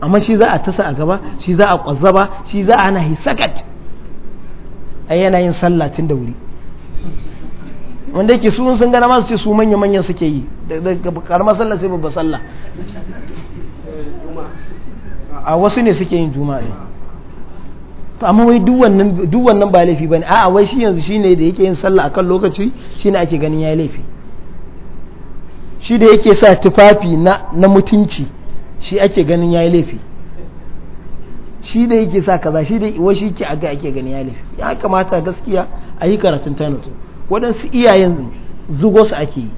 amma shi za a tasa a gaba shi za a kwazzaba shi za a hana hisakat ai yana yin sallah da wuri wanda yake sun sun gana masu ce su manya-manyan suke yi daga karamar sallah sai babbar sallah a wasu ne suke yin juma'a ne eh. to amma wai duk wannan ba laifi bane a'a wai shi yanzu shine da yake yin sallah akan lokaci shine ake ganin yayi laifi shi da yake sa tufafi na mutunci shi ake ganin yayi laifi shi da yake sa kaza shi da wai shi ke aga ake ganin yayi laifi ya kamata gaskiya a yi karatun tanatu waɗansu iyayen zugo su ake yi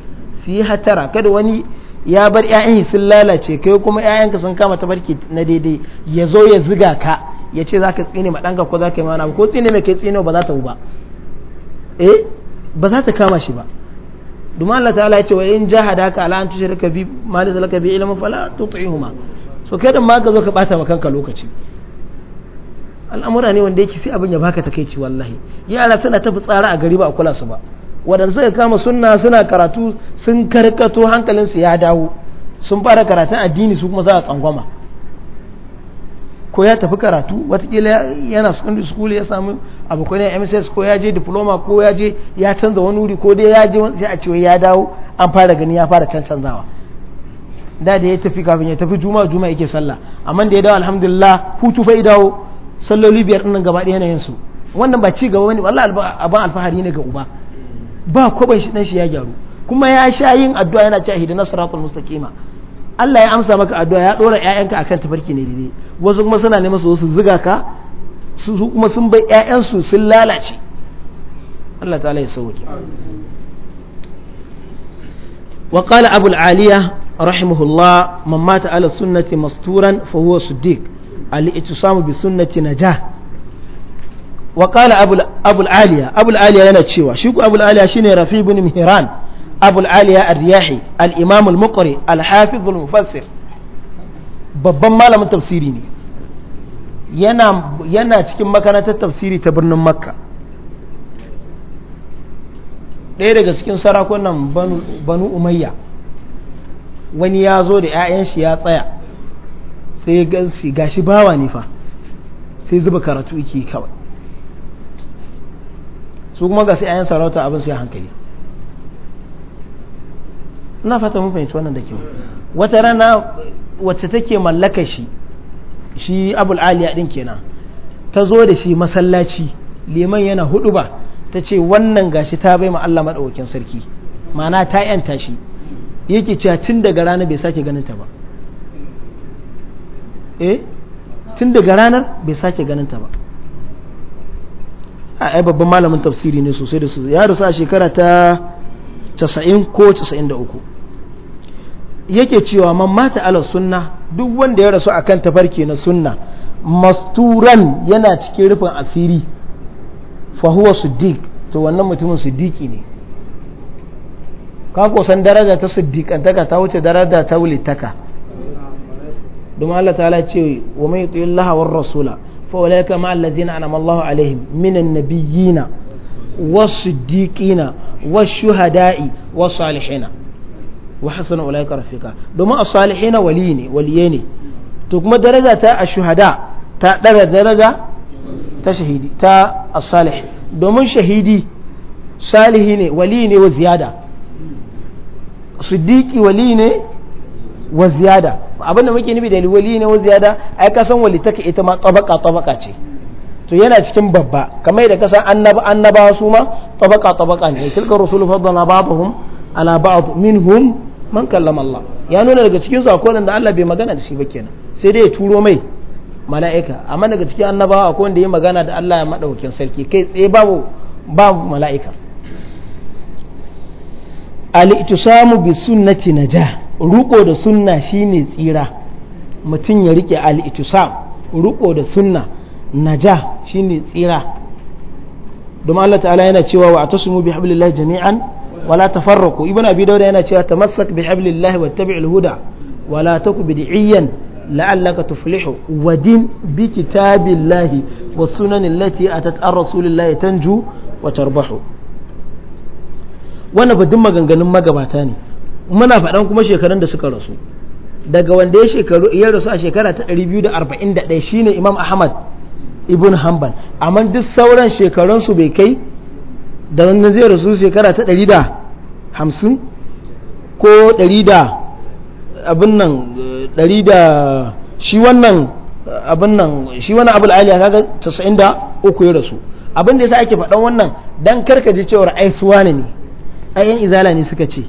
su yi hatara kada wani ya bar 'ya'yan sun lalace kai kuma 'ya'yanka sun kama ta barke na daidai ya zo ya ziga ka ya ce za ka tsine ma ɗanka ko za ka yi mana ko tsine mai kai tsine ba za ta ba eh ba za ta kama shi ba domin Allah ta'ala ya ce wa in jahada ka ala an tushrika bi ma da bi ilmun fala tuti'huma so kai da ma ka zo ka bata ma kanka lokaci al'amura ne wanda yake sai abin ya baka takeici wallahi yara suna tafi tsara a gari ba a kula su ba waɗanda suka kama sunna suna karatu sun karkato hankalinsu ya dawo sun fara karatun addini su kuma za a tsangwama ko ya tafi karatu watakila yana secondary school ya samu abokan ya mss ko ya je diploma ko ya je ya canza wani wuri ko dai ya je sai a cewa ya dawo an fara gani ya fara canzawa da da ya tafi kafin ya tafi juma juma yake sallah amma da ya dawo alhamdulillah hutu fa'idawo salloli biyar ɗin gaba ɗaya yanayin su wannan ba ci gaba bane wallahi abin alfahari ne ga uba ba kwaban shi dan shi ya gyaru kuma ya sha yin addu'a yana cewa hidana siratul mustaqima Allah ya amsa maka addu'a ya dora ƴaƴanka akan tafarki ne dai wasu kuma suna neman su su ka su kuma sun bai ƴaƴansu sun lalace Allah ta'ala ya sauke wa qala abul aliya rahimahullah man mata ala sunnati masturan fa huwa siddiq al-ittisamu bi sunnati najah wa qala yana cewa shi ku abul shine rafi bin mihran abul aliya riyahi al-imam al mufassir babban malamin tafsiri ne yana yana cikin makarantar tafsiri ta birnin makka ɗaya daga cikin sarakunan banu umayya wani ya zo da 'ya'yan shi ya tsaya sai ya gansi gashi bawa ne fa sai zuba karatu yake kawai su kuma ga sai ayan sarauta abin sai hankali ina fata mun fahimci wannan da ke wata rana wacce take mallaka shi shi abul aliya din kenan ta zo da shi masallaci liman yana hudu ba ta ce wannan gashi ta bai ma Allah madaukakin sarki mana ta yanta shi yake cewa tun daga rana bai sake ganin ta ba eh tun daga ranar bai sake ganin ta ba a ai babban malamin tafsiri ne sosai da su ya rasu a shekara ta 90 ko 93 yake cewa man mata ala sunna duk wanda ya rasu a kan tafarki na sunna masturan yana cikin rufin asiri fahuwa su dik to wannan mutumin diki ne kakosan daraja ta dikantaka ta wuce daraja ta wulitaka domin Allah ta'ala ce wa mai yuti Allah war rasula fa ulaika ma alladhina an'ama Allah alaihim minan nabiyyina wa siddiqina wa shuhadai wa salihina wa hasana ulaika rafiqa domin as-salihina wali ne waliye ne to kuma daraja ta ash-shuhada ta dara daraja ta shahidi ta as-salih domin shahidi salihi ne wali ne wa ziyada siddiqi wali ne wa ziyada abin da muke nufi da wali ne wa ziyada ai ka san wali take ita ma tabaka tabaka ce to yana cikin babba kamar da ka san annaba annabawa su ma tabaka tabaka ne tilka rusulu faddala ba'dhum ala ba'd minhum man kallama Allah ya nuna daga cikin su akwai da Allah bai magana da shi ba kenan sai dai ya turo mai mala'ika amma daga cikin annabawa akwai wanda ya magana da Allah ya madaukakin sarki kai tsaye babu babu mala'ika al-ittisamu bi sunnati najah ruko da sunna shine tsira mutum ya rike al-itisam ruko da sunna naja shine tsira domin Allah ta'ala yana cewa wa atasimu bi hablillahi jami'an wala tafarraqu ibn abi dauda yana cewa tamassak bi hablillahi wattabi'il huda wala taku bid'iyan la'allaka tuflihu wadin bi kitabillahi was sunan allati atat ar-rasulillahi tanju wa tarbahu wannan ba duk maganganun magabata ne muna faɗan kuma shekarun da suka rasu daga wanda ya shekaru ya rasu a shekara ta 241 shine imam ahmad ibn hanbal amma duk sauran shekarunsu bai kai da wanda zai rasu shekara ta 150 ko 100 abin nan 100 shi wannan abin nan shi wannan abul aliya kaga 93 ya rasu abin da yasa ake faɗan wannan dan karkaje cewar ai suwane ne ayyan izala ne suka ce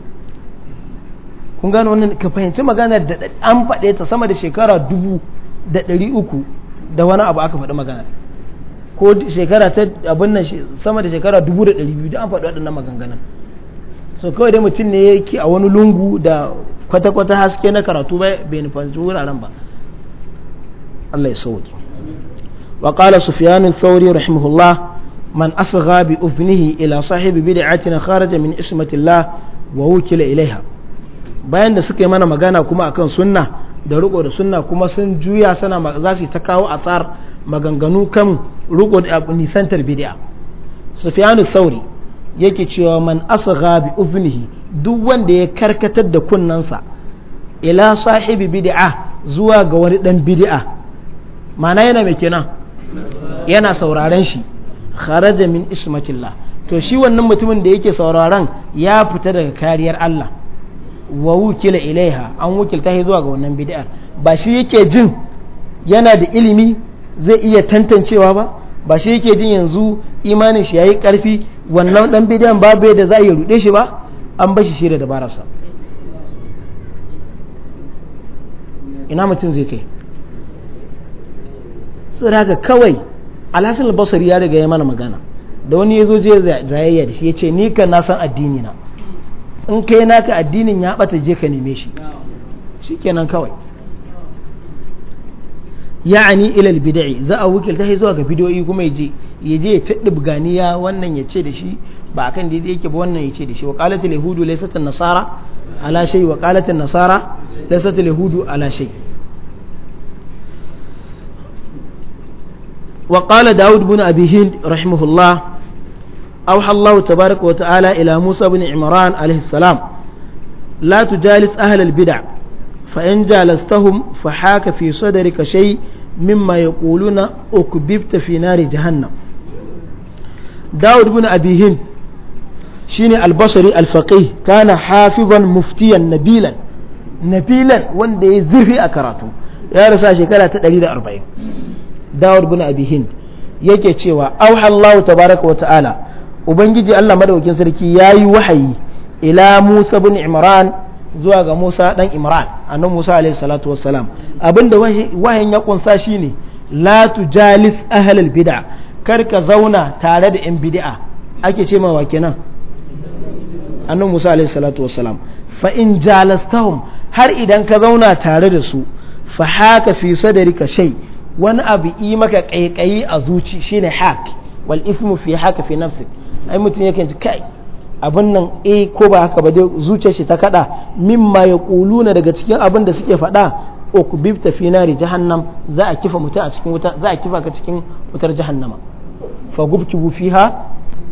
kun gano wannan ka fahimci magana da an faɗe ta sama da shekara dubu da ɗari uku da wani abu aka faɗi magana ko shekara ta abin nan sama da shekara dubu da ɗari biyu da an faɗi waɗannan maganganun so kawai dai mutum ne yake a wani lungu da kwata-kwata haske na karatu bai nufanci wuraren ba Allah ya sauki wa qala sufyan thawri rahimahullah man asgha bi ufnihi ila sahibi bid'atin kharaja min ismatillah wa wukila ilaiha bayan da suka yi mana magana kuma akan sunna da riko da sunna kuma sun juya sana za su ta kawo a tsar maganganu kan riko da nisantar bid'a sufyanu sauri yake cewa man asa gabi ufinihi duk wanda ya karkatar da kunnansa ila sahibi bid'a zuwa ga wani dan bid'a mana yana mai kenan yana sauraren shi kharaja min ismatillah to shi wannan mutumin da yake sauraron ya fita daga kariyar Allah wa wukila ilaiha an wukilta shi zuwa ga wannan bid'ar ba shi yake jin yana da ilimi zai iya tantancewa ba ba shi yake jin yanzu imanin shi yayi karfi wannan dan bidi'ar babu yadda za a iya rude shi ba an ba shi da dabararsa ina mutum zai kai so daga kawai alhassan basari ya riga ya mana magana da wani ya zo je zayayya da shi ya ce ni kan na san addini na in yi naka addinin ya bata je ka neme shi shikenan kawai ya ya'ani ilal bida'i za a wukil ta zuwa ga bidoyi kuma yaje yaje ya taɗi ganiya wannan ya ce da shi ba kan daidai yake ba wannan ya ce da shi wa ƙalata lehudu laisatan nasara ala shay wa ƙalata nasara laisatan lehudu ala shay wa ƙala daud bin abi hind rahimahullah أوحى الله تبارك وتعالى إلى موسى بن عمران عليه السلام لا تجالس أهل البدع فإن جالستهم فحاك في صدرك شيء مما يقولون أكببت في نار جهنم داود بن أبي هند شيني البصري الفقيه كان حافظا مفتيا نبيلا نبيلا وندي زرفي أكراتو يا رسا شكرا تدليل أربعين داود بن أبي هند yake cewa auha Allah tabaraka wa ta'ala ubangiji Allah madaukin sarki ya yi wahayi ila Musa bin Imran zuwa ga Musa dan Imran annan Musa alaihi salatu wassalam abinda wahayin ya kunsa shine la tujalis ahlal bid'a kar ka zauna tare da yan bid'a ake ce wa kenan annan Musa alaihi salatu wassalam fa in jalastahum har idan ka zauna tare da su fa haka fi sadrika shay wani abu yi maka kaikayi a zuci shine hak wal ifmu fi haka fi nafsika ai mutum yake ji kai abin nan eh ko ba haka ba dai zuciyar shi ta kada mimma ya kuluna daga cikin abin da suke faɗa ukbibta fi nari jahannam za a kifa mutum a cikin wuta za a kifa ka cikin wutar jahannama fa gubkibu fiha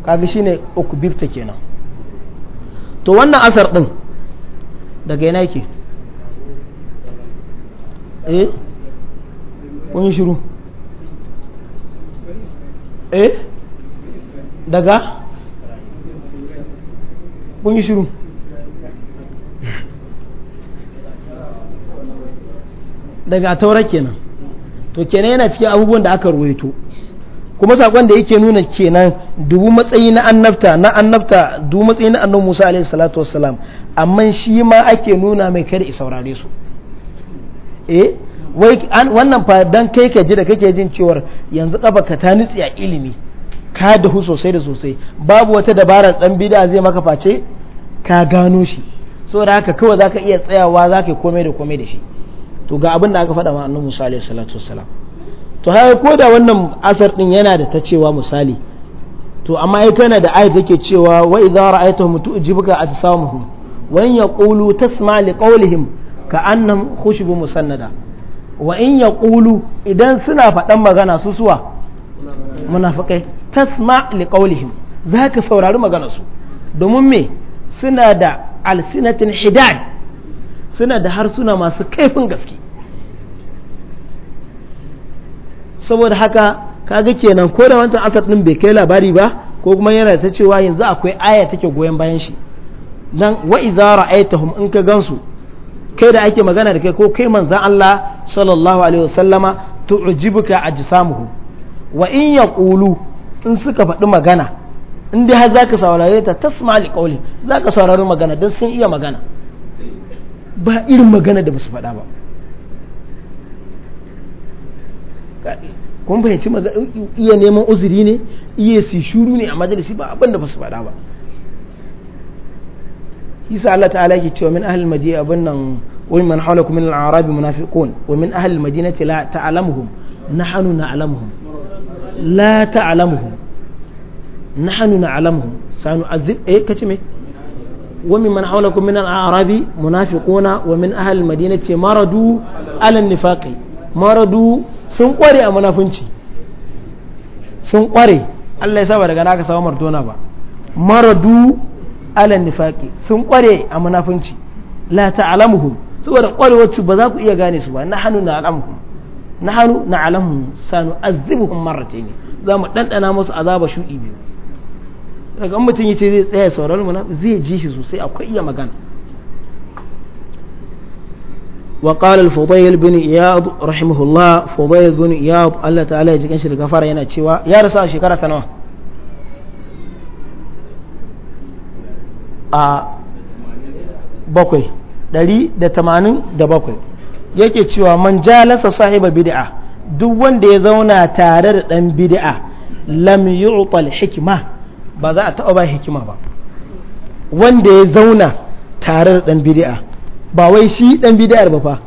kaga shine ukbibta kenan to wannan asar din daga yana yake eh kun shiru eh daga kunyi yi shiru daga taura kenan to kenan yana cikin abubuwan da aka ruwaito kuma sakon da yake nuna kenan dubu matsayi na annabta na annabta dubu matsayi na annabta Musa alaihi salatu wassalam amma shi ma ake nuna mai kada i saurare su eh wai wannan fa dan kai ka ji da kake jin cewar yanzu kafa ka ta nitsi a ilimi ka dahu sosai da sosai babu wata dabarar dan bid'a zai maka face ka gano shi saboda haka kawai zaka iya tsayawa zaka komai da komai da shi to ga abin da aka faɗa ma annabi Musa alaihi salatu wassalam to haka ko da wannan asar din yana da ta cewa misali to amma ai kana da ayat take cewa wa idza ra'aytahum tu'jibuka atsamuhum wa in yaqulu tasma' li qawlihim ka annam musannada wa in yaqulu idan suna faɗan magana su suwa munafiqai tasma liqaulihim zaka saurari maganarsu domin me suna da alsinatin hidad suna da harsuna masu kaifin gaske saboda haka kaga kenan ko da wancan asad din bai kai labari ba ko kuma yana ta cewa yanzu akwai aya take goyon bayan shi dan wa idza ra'aytahum in ka gansu kai da ake magana da kai ko kai manzan Allah sallallahu alaihi wasallama tu'jibuka ajsamuhu wa in yaqulu in suka faɗi magana in dai har za ka saurare ta mali alƙauli za ka saurari magana don sun iya magana ba irin magana da ba su faɗa ba kun fahimci iya neman uzuri ne iya su shuru ne a majalisi ba abinda ba su faɗa ba isa Allah ta'ala ke cewa min ahlul madina abin nan wani man haula kuma min al-arabi munafiqun wa min ahlul madinati la ta'lamuhum nahnu na'lamuhum la ta'lamuhum nahnu na'lamuhum sanu azib eh kace me wa mimman hawlakum min al-a'rabi munafiquna wa min ahli al-madinati maradu ala an-nifaqi maradu sun kware a munafunci sun kware Allah ya saba daga naka sawa mardona ba maradu ala nifaqi sun kware a munafunci la saboda kwarewar ba za ku iya gane su ba nahanu na alamu sanu azibuhun marratain za mu dandana masu azaba shudi biyu daga mutum ce zai tsaya sauraron mu zai ji shi sosai akwai iya magana wa qala al bin iyad rahimahullah fudayl bin iyad Allah ta'ala ya jikin shi daga fara yana cewa ya rasa shekara ta nawa a bakwai yake cewa man jalasa sahiba bid'a duk wanda ya zauna tare da dan bid'a lam yu'tal hikma ba za a taɓa ba hikima ba wanda ya zauna tare da dan bid'a ba wai shi dan bid'ar ba fa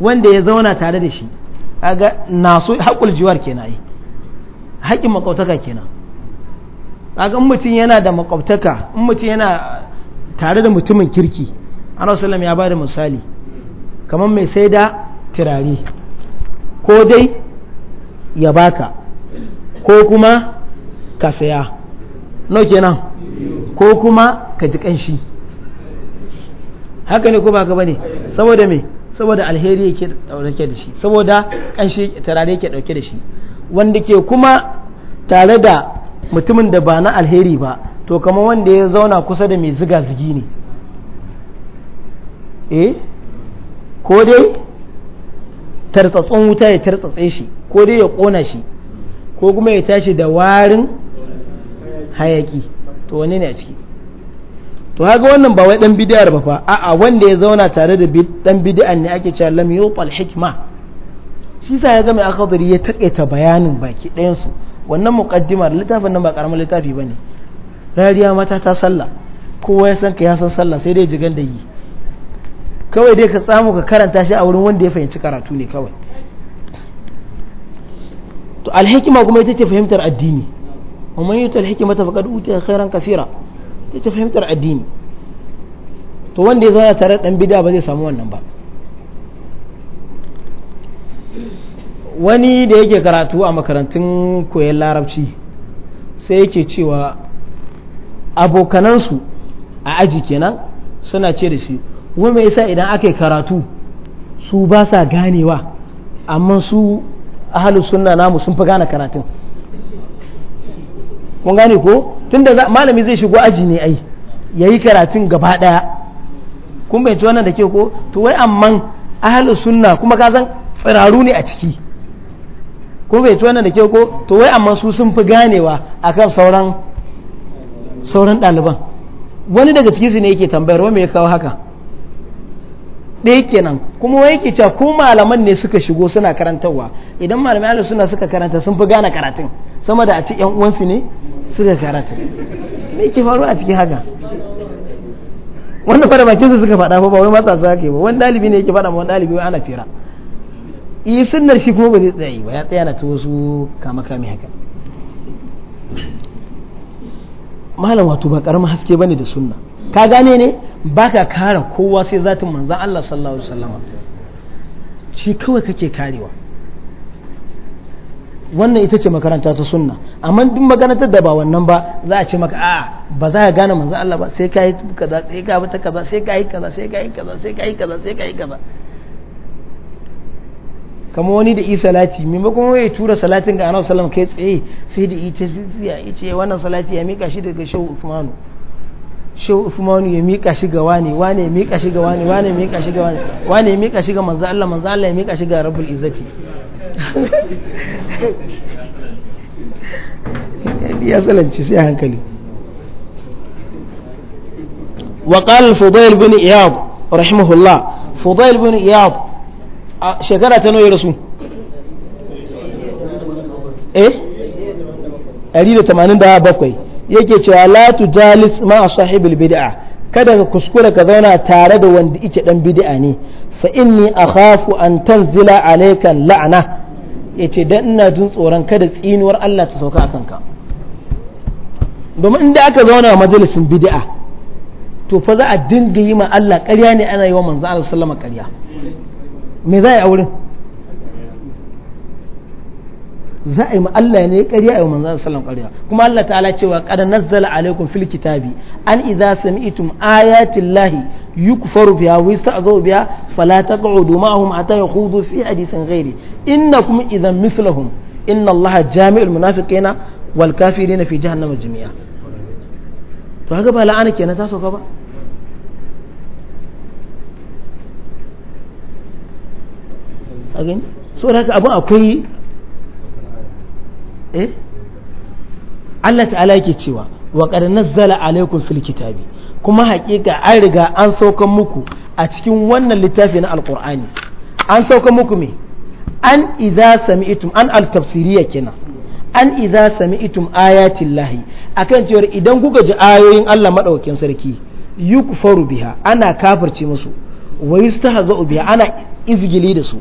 wanda ya zauna tare da shi aga naso haƙul jiwar kenan ai haƙin makautaka kenan aga in mutum yana da makautaka in mutum yana tare da mutumin kirki Annabi sallallahu alaihi wasallam ya bada misali kamar mai sai da turare ko dai ya baka ko kuma ka saya no kenan ko kuma ka ji kanshi haka ne ko ba ka bane saboda me saboda alheri yake dauke da shi saboda kanshi turare yake dauke da shi wanda ke kuma tare da mutumin da ba na alheri ba to kamar wanda ya zauna kusa da mai ziga-zigi ne eh ko dai tartsatsun wuta ya tartsatse shi ko dai ya kona shi ko kuma ya tashi da warin hayaki to wane ne a ciki to haka wannan ba wai dan bid'ar ba fa a'a wanda ya zauna tare da dan bid'an ne ake cewa lam yutal hikma shi sa ya ga mai ya takaita bayanin baki ɗayan su wannan muqaddimar littafin nan ba karamin littafi bane rariya mata ta sallah kowa ya san ka ya san sallah sai dai jigan da yi kawai dai ka tsamu ka karanta shi a wurin wanda ya fahimci karatu ne kawai to alhikima kuma ita ce fahimtar addini amma yi ta alhikima ta faqad a kairan kafira ita ce fahimtar addini to wanda ya zauna tare da dan bid'a ba zai samu wannan ba wani da yake karatu a makarantun koyon larabci sai yake cewa abokanansu a aji kenan suna ce da shi wai mai yasa idan aka yi karatu su ba sa ganewa amma su ahalus sunna namu sun fi gane karatun kun gane ko tunda malami zai shigo aji ne ai yayi karatun gaba daya kun bai wannan da ke ko to wai amma ahalus sunna kuma ka san firaru ne a ciki kun bai wannan da ke ko to wai amma su sun fi ganewa akan sauran sauran ɗaliban wani daga cikinsu ne yake tambayar wa me ya kawo haka ɗaya kenan kuma wai yake cewa ko malaman ne suka shigo suna karantarwa idan malamai ahlus suna suka karanta sun fi gane karatun sama da a ci yan uwansu ne suka karanta
me yake faruwa a cikin haka
wannan fara bakin su suka faɗa ba wai matsa yi ba wani dalibi ne yake faɗa ma wani dalibi wai ana fira yi e, sunnar shi kuma ba zai tsaye ba ya tsaya na ta wasu kama kame haka malam wato ba karamin haske bane da sunna ka gane ne ba ka kare kowa sai zatin manzan Allah sallallahu alaihi wasallama shi kawai kake karewa wannan ita ce makaranta ta sunna amma duk maganar da ba wannan ba za a ce maka a ba za ka gane manzan Allah ba sai ka yi kaza sai ka ta kaza sai ka yi kaza sai ka yi kaza sai ka yi kaza sai ka yi kaza kamar wani da isa salati maimakon ya tura salatin ga annabi sallallahu alaihi wasallam kai tsaye sai da ita ya ce wannan salati ya mika shi daga shehu Usmanu shehu Uthman ya mika shi ga wane wane ya mika shi ga wane wane ya mika shi ga wane wane ya mika shi ga manzo Allah manzo Allah ya mika shi ga Rabbul Izzati <laughs> ya salanci sai hankali wa qala al-Fudayl bin Iyad rahimahullah Fudayl bin Iyad shekara ta nawa rasu eh 187 yake cewa la Jalis, ma sahibul bid'a kada ka kuskura ka zauna tare da wanda yake dan bid'a ne fa inni akhafu an tanzila alayka la'na yace dan ina jin tsoron kada tsinuwar Allah ta sauka akan ka domin inda aka zauna majalisin bid'a to fa za a dinga yi ma Allah ƙarya ne ana yi wa manzo Allah sallama ƙarya me za a yi a wurin za a yi Allah ne ƙarya a yi manzan sallam ƙarya kuma Allah ta'ala cewa qad nazzala alaikum fil kitabi an idza sami'tum ayati llahi yukfaru biha wa yasta'zu biha fala taq'udu ma'ahum hatta yakhudhu fi hadithin ghairi innakum idhan mithlahum inna Allah jami'ul munafiqina wal kafirina fi jahannama jami'a to haka ba la'ana kenan ta sauka ba saboda haka akwai eh Allah ta'ala yake cewa wa qad nazzala alaikum fil kitabi kuma haƙiƙa an riga an saukan muku a cikin wannan littafi na alqur'ani an saukan muku me an idza sami'tum an al-tafsiriyya kenan an idza sami'tum ayatin lahi akan cewa idan kuka ji ayoyin Allah madaukakin sarki yukfaru biha ana kafirce musu wa haza biha ana izgili da su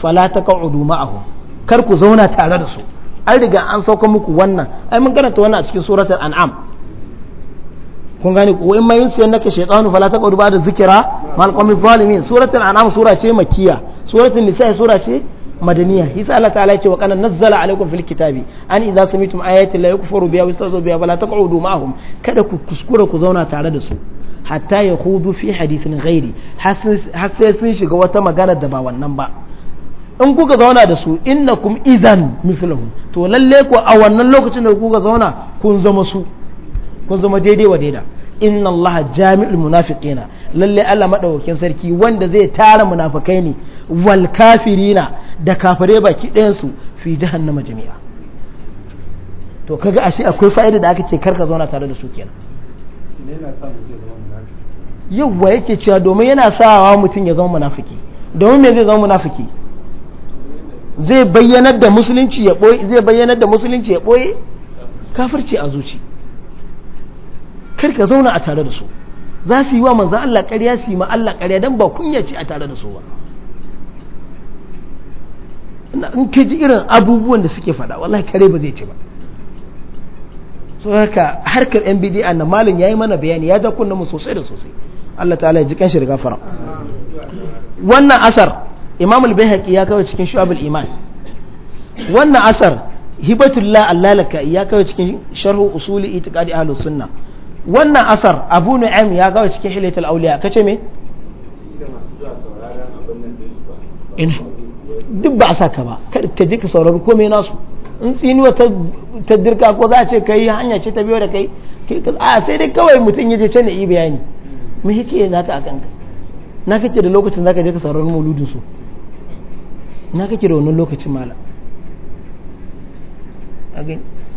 fala taq'udu ma'ahum kar ku zauna tare da su an riga an sauka muku wannan ai mun karanta wannan a cikin suratul an'am kun gane ko in mai yunsi annaka shaytanu fala taqudu ba'da zikra mal qawmi zalimin suratul an'am sura ce makkiya suratul nisa sura ce madaniya hisa Allah ta'ala ya ce wa kana nazzala alaikum fil kitabi an idza samitum ayati la yukfaru biha yastazu biha fala taq'udu ma'ahum kada ku kuskura ku zauna tare da su hatta yakhudu fi hadithin ghairi har sai sun shiga wata magana da ba wannan ba in kuka zauna da su inna kum idan mithluhum to lalle ku a wannan lokacin da kuka zauna kun zama su kun zama daidai wa daida inna Allah jami'ul munafiqina lalle Allah madaukakin sarki wanda zai tara munafikai ne wal kafirina da kafare baki ɗayan su fi jahannama jami'a to kaga ashe akwai fa'ida da aka ce karka zauna tare da su kenan yawwa yake cewa domin yana sawa mutum ya zama munafiki domin me zai zama munafiki zai bayyanar da musulunci ya boye zai bayyanar da musulunci ya boye kafirci a zuci kar ka zauna a tare da su za su yi wa manzan Allah ƙarya su yi ma Allah ƙarya don ba kunya ce a tare da su ba in ka ji irin abubuwan da suke faɗa wallahi kare ba zai ci ba so haka harkar yan a na malin yi mana bayani ya ja kunna mu sosai da sosai Allah ta'ala ya ji kanshi da fara. wannan asar imam al-bayhaqi ya kawo cikin shu'abul iman wannan asar hibatullah allalaka ya kawo cikin sharhu usuli itiqadi ahlus sunna wannan asar abu nu'aym ya kawo cikin hilatul awliya kace me ina duk ba a ka ba ka je ka saurari komai nasu in tsinuwa ta dirka ko za a ce kai hanya ce ta biyo da kai a sai dai kawai mutum ya je can da yi bayani mu hike naka a kanka na kake da lokacin ka je ka saurari mauludin su na kake da wannan lokacin malam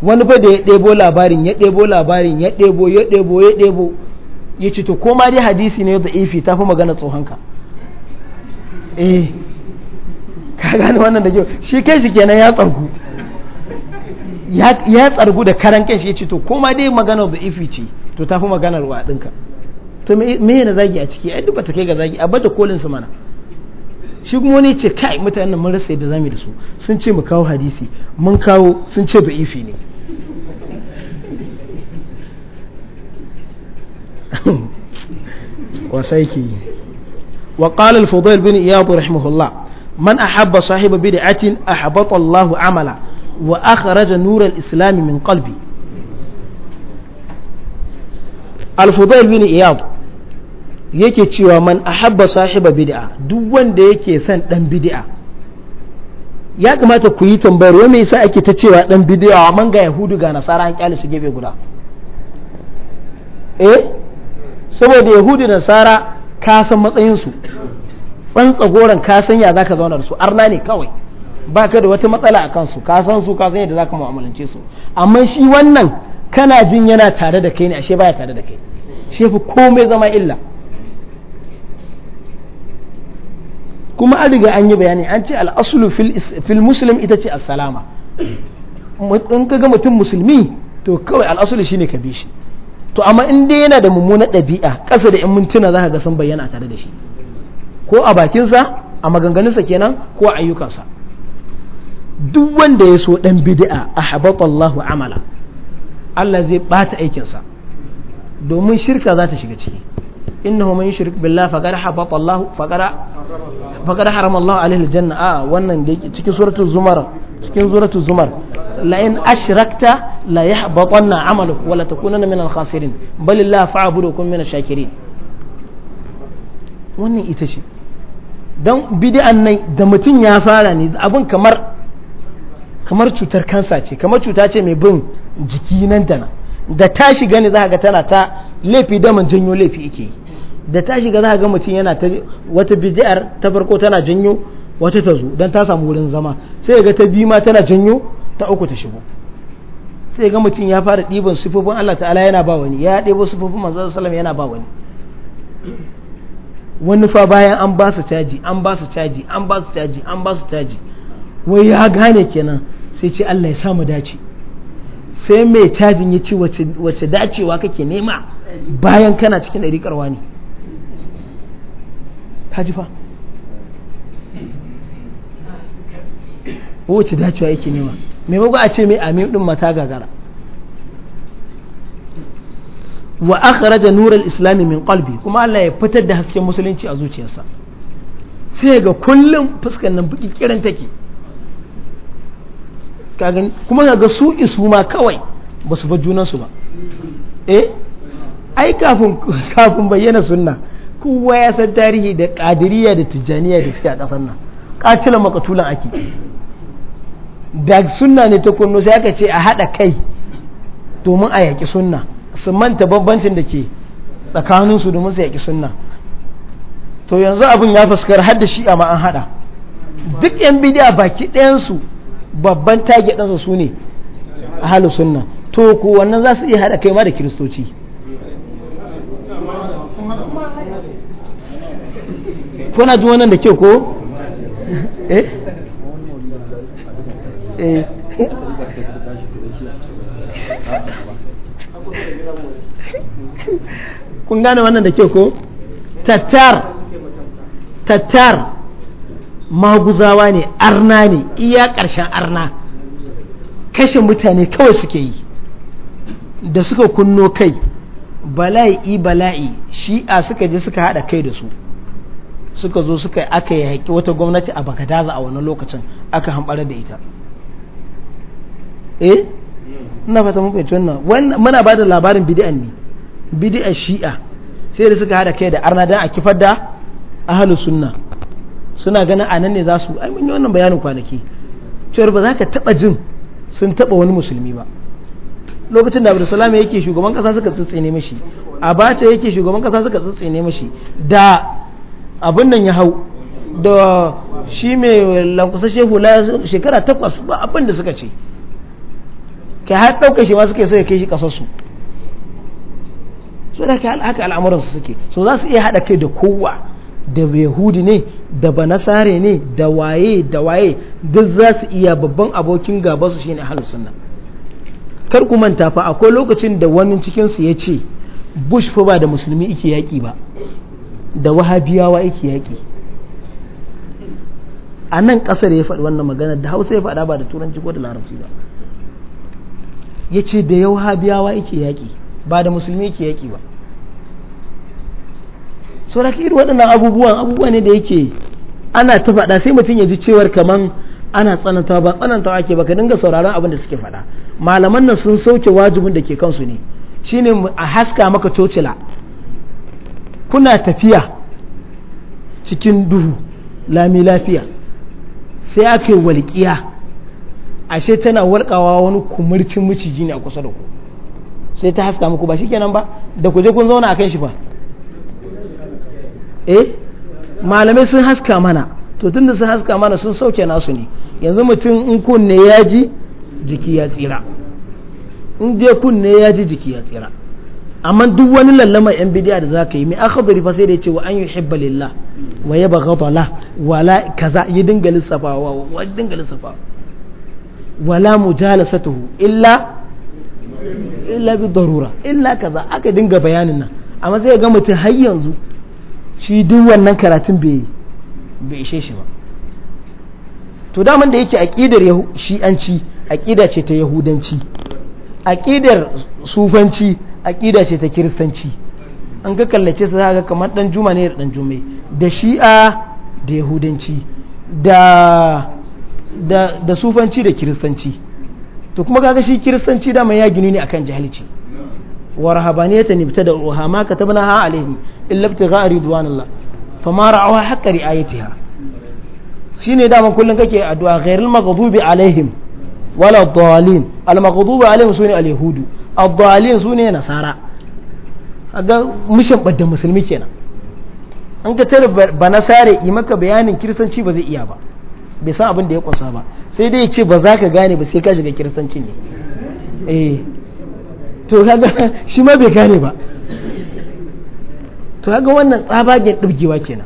wani fa da ya ɗebo labarin ya ɗebo labarin ya ɗebo ya ɗebo ya ɗebo ya ce to koma dai hadisi ne da ifi ta fi magana tsohonka eh ka gane wannan da kyau shi kai shi kenan ya tsargu ya tsargu da karan kai shi ya ce to koma dai magana da ifi ce to ta fi magana ruwa ɗinka to me yana zagi a ciki ai duk ba ta kai ga zagi a bata kolin su mana shi kuma wani ce kai mutanen mun rasa yadda zamu da su sun ce mu kawo hadisi mun kawo sun ce da ifi ne <laughs> wasa yake yi wa qala al-fudail bin iyad rahimahullah man ahabba sahiba bid'atin ahbata Allah amala wa akhraja nur al-islam min qalbi al-fudail bin iyad yake cewa man ahabba sahiba bid'a duk wanda yake son dan bid'a ya kamata ku yi tambayar wa me yasa ake ta cewa dan bid'a man ga yahudu ga nasara an kyale su gefe guda eh saboda yahudu da nasara ka san matsayin su tsantsa goran ka san ya zaka zauna da su arna ne kawai ba ka da wata matsala a kansu ka san su ka san yadda zaka mu'amalance su amma shi wannan kana jin yana tare da kai ne ashe baya tare da kai shefu komai zama illa kuma an riga an yi bayani an ce al'asulu fil muslim ita ce assalama in ka ga mutum musulmi to kawai al'asulu shine ka bi shi to amma in dai yana da mummunar ɗabi'a ƙasa da 'yan mintuna za ka ga sun bayyana tare da shi ko a bakinsa a maganganunsa kenan ko a ayyukansa duk wanda ya so ɗan bid'a a habatallahu amala Allah zai ɓata aikinsa domin shirka za ta shiga ciki innahu man yushrik billah faqad habata Allah faqad faqad harama Allah alaihi aljanna a wannan da yake cikin suratul zumar cikin suratul zumar la in ashrakta la yahbatanna amaluk wa la takunanna minal khasirin bal Allah fa'budu kun minash shakirin wannan ita ce don bidi'an nan da mutum ya fara ne abin kamar kamar cutar kansa ce kamar cuta ce mai bin jiki nan da nan da ta shiga ne za ga tana ta laifi daman janyo laifi ike yi da ta shiga za ga mutum yana ta wata bid'ar ta farko tana janyo wata ta zo dan ta samu wurin zama sai ga ta biyu ma tana janyo ta uku ta shigo sai ga mutum ya fara ɗiban sifofin Allah ta'ala yana ba wani ya ɗebo sifofin manzon sallam yana ba wani wani fa bayan an ba su caji an ba su caji an ba su caji an ba su caji wai ya gane kenan sai ce Allah ya sa mu dace sai mai cajin ya ci wace dacewa kake nema bayan kana cikin ɗari ƙarwa ne ta ji fa wace dacewa yake nema maimako a ce mai amin din mata gagara wa aka raja nural islami min qalbi kuma Allah ya fitar da hasken musulunci a zuciyarsa sai ga kullum fuskan nan buki kiran take kuma ga su isu ma kawai ba su bar junansu ba eh ai kafin bayyana sunna kowa ya san tarihi da kadiriya da tijjaniya da suke a ƙasar nan ƙacilan makatulan ake da sunna ne ta kunno sai aka ce a haɗa kai domin a yaƙi sunna su manta bambancin da ke tsakaninsu domin su yaƙi sunna to yanzu abin ya fuskar har da shi a ma'an haɗa duk yan bidiya baki ɗayansu babban tagi ɗansa su ne a halin sunna to ku wannan za su iya haɗa kai ma da kiristoci
ko na ji wannan da ke ko <laughs> eh? Eh. <laughs>
kun gane wannan da ke ko tattar tattar maguzawa ne arna ne iya ƙarshen arna kashe mutane kawai suke yi da suka kunno kai bala'i bala'i shi'a suka je suka haɗa kai da su suka zo suka aka yi haƙi wata gwamnati a bagadaza a wani lokacin aka hambara da ita eh ina fata mun fahimci wannan muna ba da labarin bid'an ne bid'a shi'a sai da suka hada kai da arna dan a kifar da ahlus sunna suna ganin a nan ne za su ai mun yi wannan bayanin kwanaki cewa ba za ka taba jin sun taba wani musulmi ba lokacin da Abdulsalam yake shugaban kasa suka tsitsine mishi Abacha yake shugaban kasa suka tsitsine mishi da abin nan ya hau da shi mai shehu hula shekara takwas ba abin da suka ce ka har ɗaukar shi ma suke so kai shi ƙasarsu so da haka al'amuransu suke so za su iya haɗa kai da kowa da yahudi ne da banasare ne da waye da waye duk za su iya babban abokin gaba su shine ahlus sunna kar ku manta fa akwai lokacin da wani cikin su ya ce bush fa ba da musulmi yake yaki ba da wahabiyawa yake yaƙi a nan ƙasar ya faɗi wannan magana da hausa ya faɗa ba da turanci ko da larabci ba ya ce da yau habiyawa yake yaƙi ba da musulmi yake yaƙi ba ka irin waɗannan abubuwan abubuwa ne da yake ana ta faɗa sai mutum ya ji cewar kamar ana tsanantawa ba tsanantawa ake ba ka dinga sauraron abin da suke faɗa malaman nan sun sauke wajibin da ke kansu ne shine a haska maka cocila kuna tafiya cikin duhu lami lafiya sai aka yi walƙiya ashe tana walƙawa wani kumurcin maciji ne a kusa da ku sai ta haska muku ba shi kenan ba da ku je kun zauna a kan shi ba eh malamai sun haska mana to tunda sun haska mana sun sauke nasu ne yanzu mutum in kunne ya ji jiki ya tsira in dai kunne ya ji jiki ya tsira amma duk wani lallama yan bidiya da zaka yi mai akhadari fa sai da ce wa an yuhibba lillah wa ba la wala kaza ya dinga lissafawa wa dinga lissafawa wala mujalasatuhu illa illa bi darura illa kaza aka dinga bayanin nan amma sai ga mutum har yanzu shi duk wannan karatun bai bai ishe shi ba to daman da yake aqidar shi'anci aqida ce ta yahudanci aqidar sufanci aƙida ce ta kiristanci an ga kallace su ga kamar dan juma ne da dan jume da shi'a da yahudanci da sufanci da kiristanci to kuma kaga shi kiristanci dama ya ginu ne akan jahilci wa ta nifta da uha ma katabna ha alaihim illa ibtigha fa ma ra'awa haqqa ri'ayatiha shine dama kullun kake addu'a ghairil maghdubi alaihim wala dalin al-maghdubi alaihim sune al-yahudu ad-dalin sune nasara aga mushin badda musulmi kenan an ka tare ba nasare yi maka bayanin kiristanci ba zai iya ba bai san abin da ya kunsa ba sai dai ce ba za ka gane ba sai ka shiga kiristanci ne eh to kaga <laughs> shi ma bai gane ba to kaga wannan tsabagen ɗibgewa kenan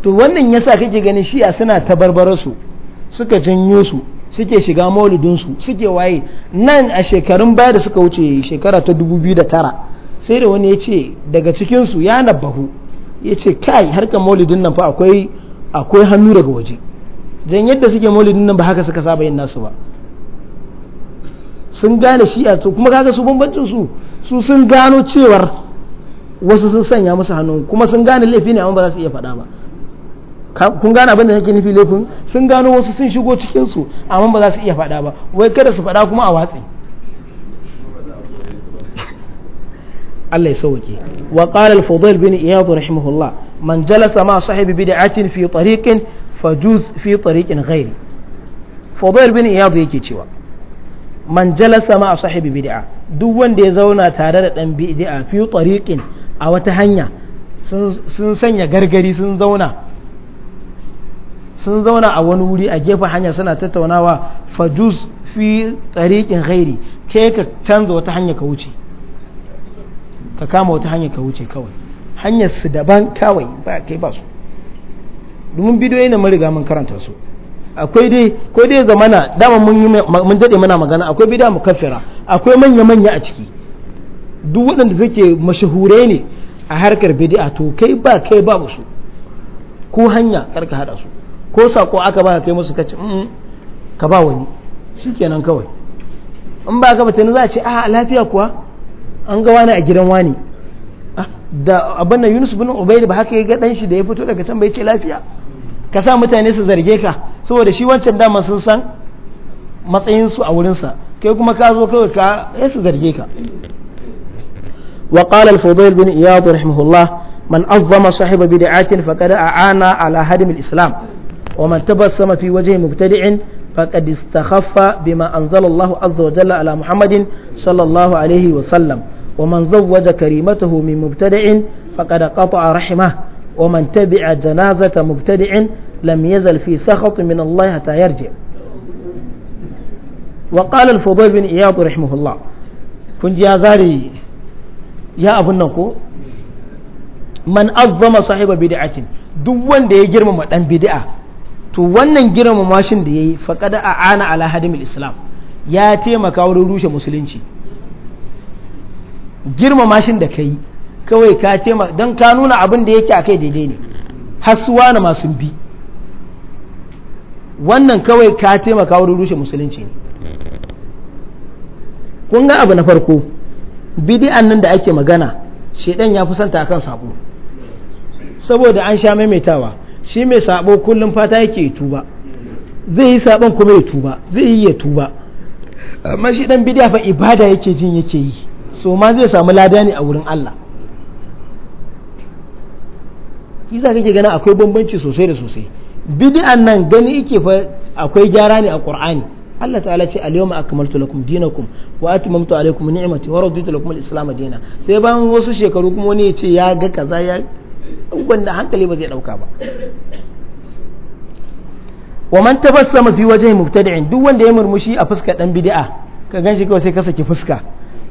to wannan yasa kake ganin a suna tabarbarar su suka janyo su suke shiga maulidinsu suke waye nan a shekarun baya da suka wuce shekara ta 2009 sai da wani ya ce daga cikinsu ya nabahu ya ce kai harkar maulidin nan fa akwai akwai hannu daga waje jan yadda suke maulidin nan ba haka suka saba yin nasu ba sun gane shi a kuma kaga su bambancin su su sun gano cewar wasu sun sanya musu hannu kuma sun gane laifi ne amma ba za su iya faɗa ba kun gane abin da nake nufi laifin sun gano wasu sun shigo cikin su amma ba za su iya faɗa ba wai kada su faɗa kuma a watsi Allah ya sauke wa qala al-fudail bin iyad rahimahullah man jalasa ma sahibi bid'atin fi tariqin fajuz fi tariqin ghairi fudail bin iyad yake cewa man jalasa ma sahibi bid'a duk wanda ya zauna tare da dan bid'a fi tariqin a wata hanya sun sanya gargari sun zauna sun zauna a wani wuri a gefen hanya suna tattaunawa fajus fi tsarikin ghairi ke ka canza wata hanya ka wuce ka kama wata hanya ka wuce kawai hanyar su daban kawai ba kai ba su domin bidiyoyi na mariga mun karanta su akwai dai ko dai zamana dama mun yi mun dade muna magana akwai mu kafira akwai manya manya a ciki duk waɗanda suke mashahure ne a harkar bidi'a to kai ba kai ba su ko hanya karka hada su ko sako aka ba kai musu kace ka ba wani shikenan kawai in ba ka ba za a ce a ah, lafiya kuwa an ga wani a gidan wani ah, da abin nan Yunus bin Ubayd ba haka ya ga dan shi da ya fito daga can bai ce lafiya ka sa mutane su zarge ka saboda shi wancan dama sun san matsayin su a wurinsa sa kai kuma ka zo kawai ka ya eh, su zarge ka wa qala al-fudayl bin iyad rahimahullah man azzama sahiba bid'atin faqad a'ana ala hadim al-islam ومن تبسم في وجه مبتدع فقد استخف بما أنزل الله عز وجل على محمد صلى الله عليه وسلم ومن زوج كريمته من مبتدع فقد قطع رحمه ومن تبع جنازة مبتدع لم يزل في سخط من الله حتى يرجع وقال الفضيل بن إياض رحمه الله كنت يا زاري يا أبو النكو man azzama sahiba bid'atin duk wanda ya girmama dan bid'a to wannan girma mashin da ya yayi a ana ala hadimil islam ya taimaka wurin rushe musulunci girma mashin da ka yi kawai ka taimaka don ka nuna abin da yake kai daidai ne hasuwa na masu bi wannan kawai ka taimaka wurin rushe musulunci ne kun ga abu na farko bidi'an nan da ake magana shaidan ya fi fusanta akan sabo saboda an sha maimaitawa shi mai sabo kullum fata yake yi tuba zai yi sabon kuma ya tuba zai yi ya tuba amma shi dan bidiya fa ibada yake jin yake yi so ma zai samu lada ne a wurin Allah ki za kake gana akwai bambanci sosai da sosai bid'an nan gani yake fa akwai gyara ne a Qur'ani Allah ta'ala ce al-yawma akmaltu lakum dinakum wa atmamtu alaykum ni'mati wa raditu lakum al-islam dinan sai bayan wasu shekaru kuma wani ya ce ya ga kaza ya wanda hankali ba zai ɗauka ba wa man tabassama fi wajhi mubtadi'in duk wanda ya murmushi a fuskar dan bid'a ka ganshi kawai sai ka saki fuska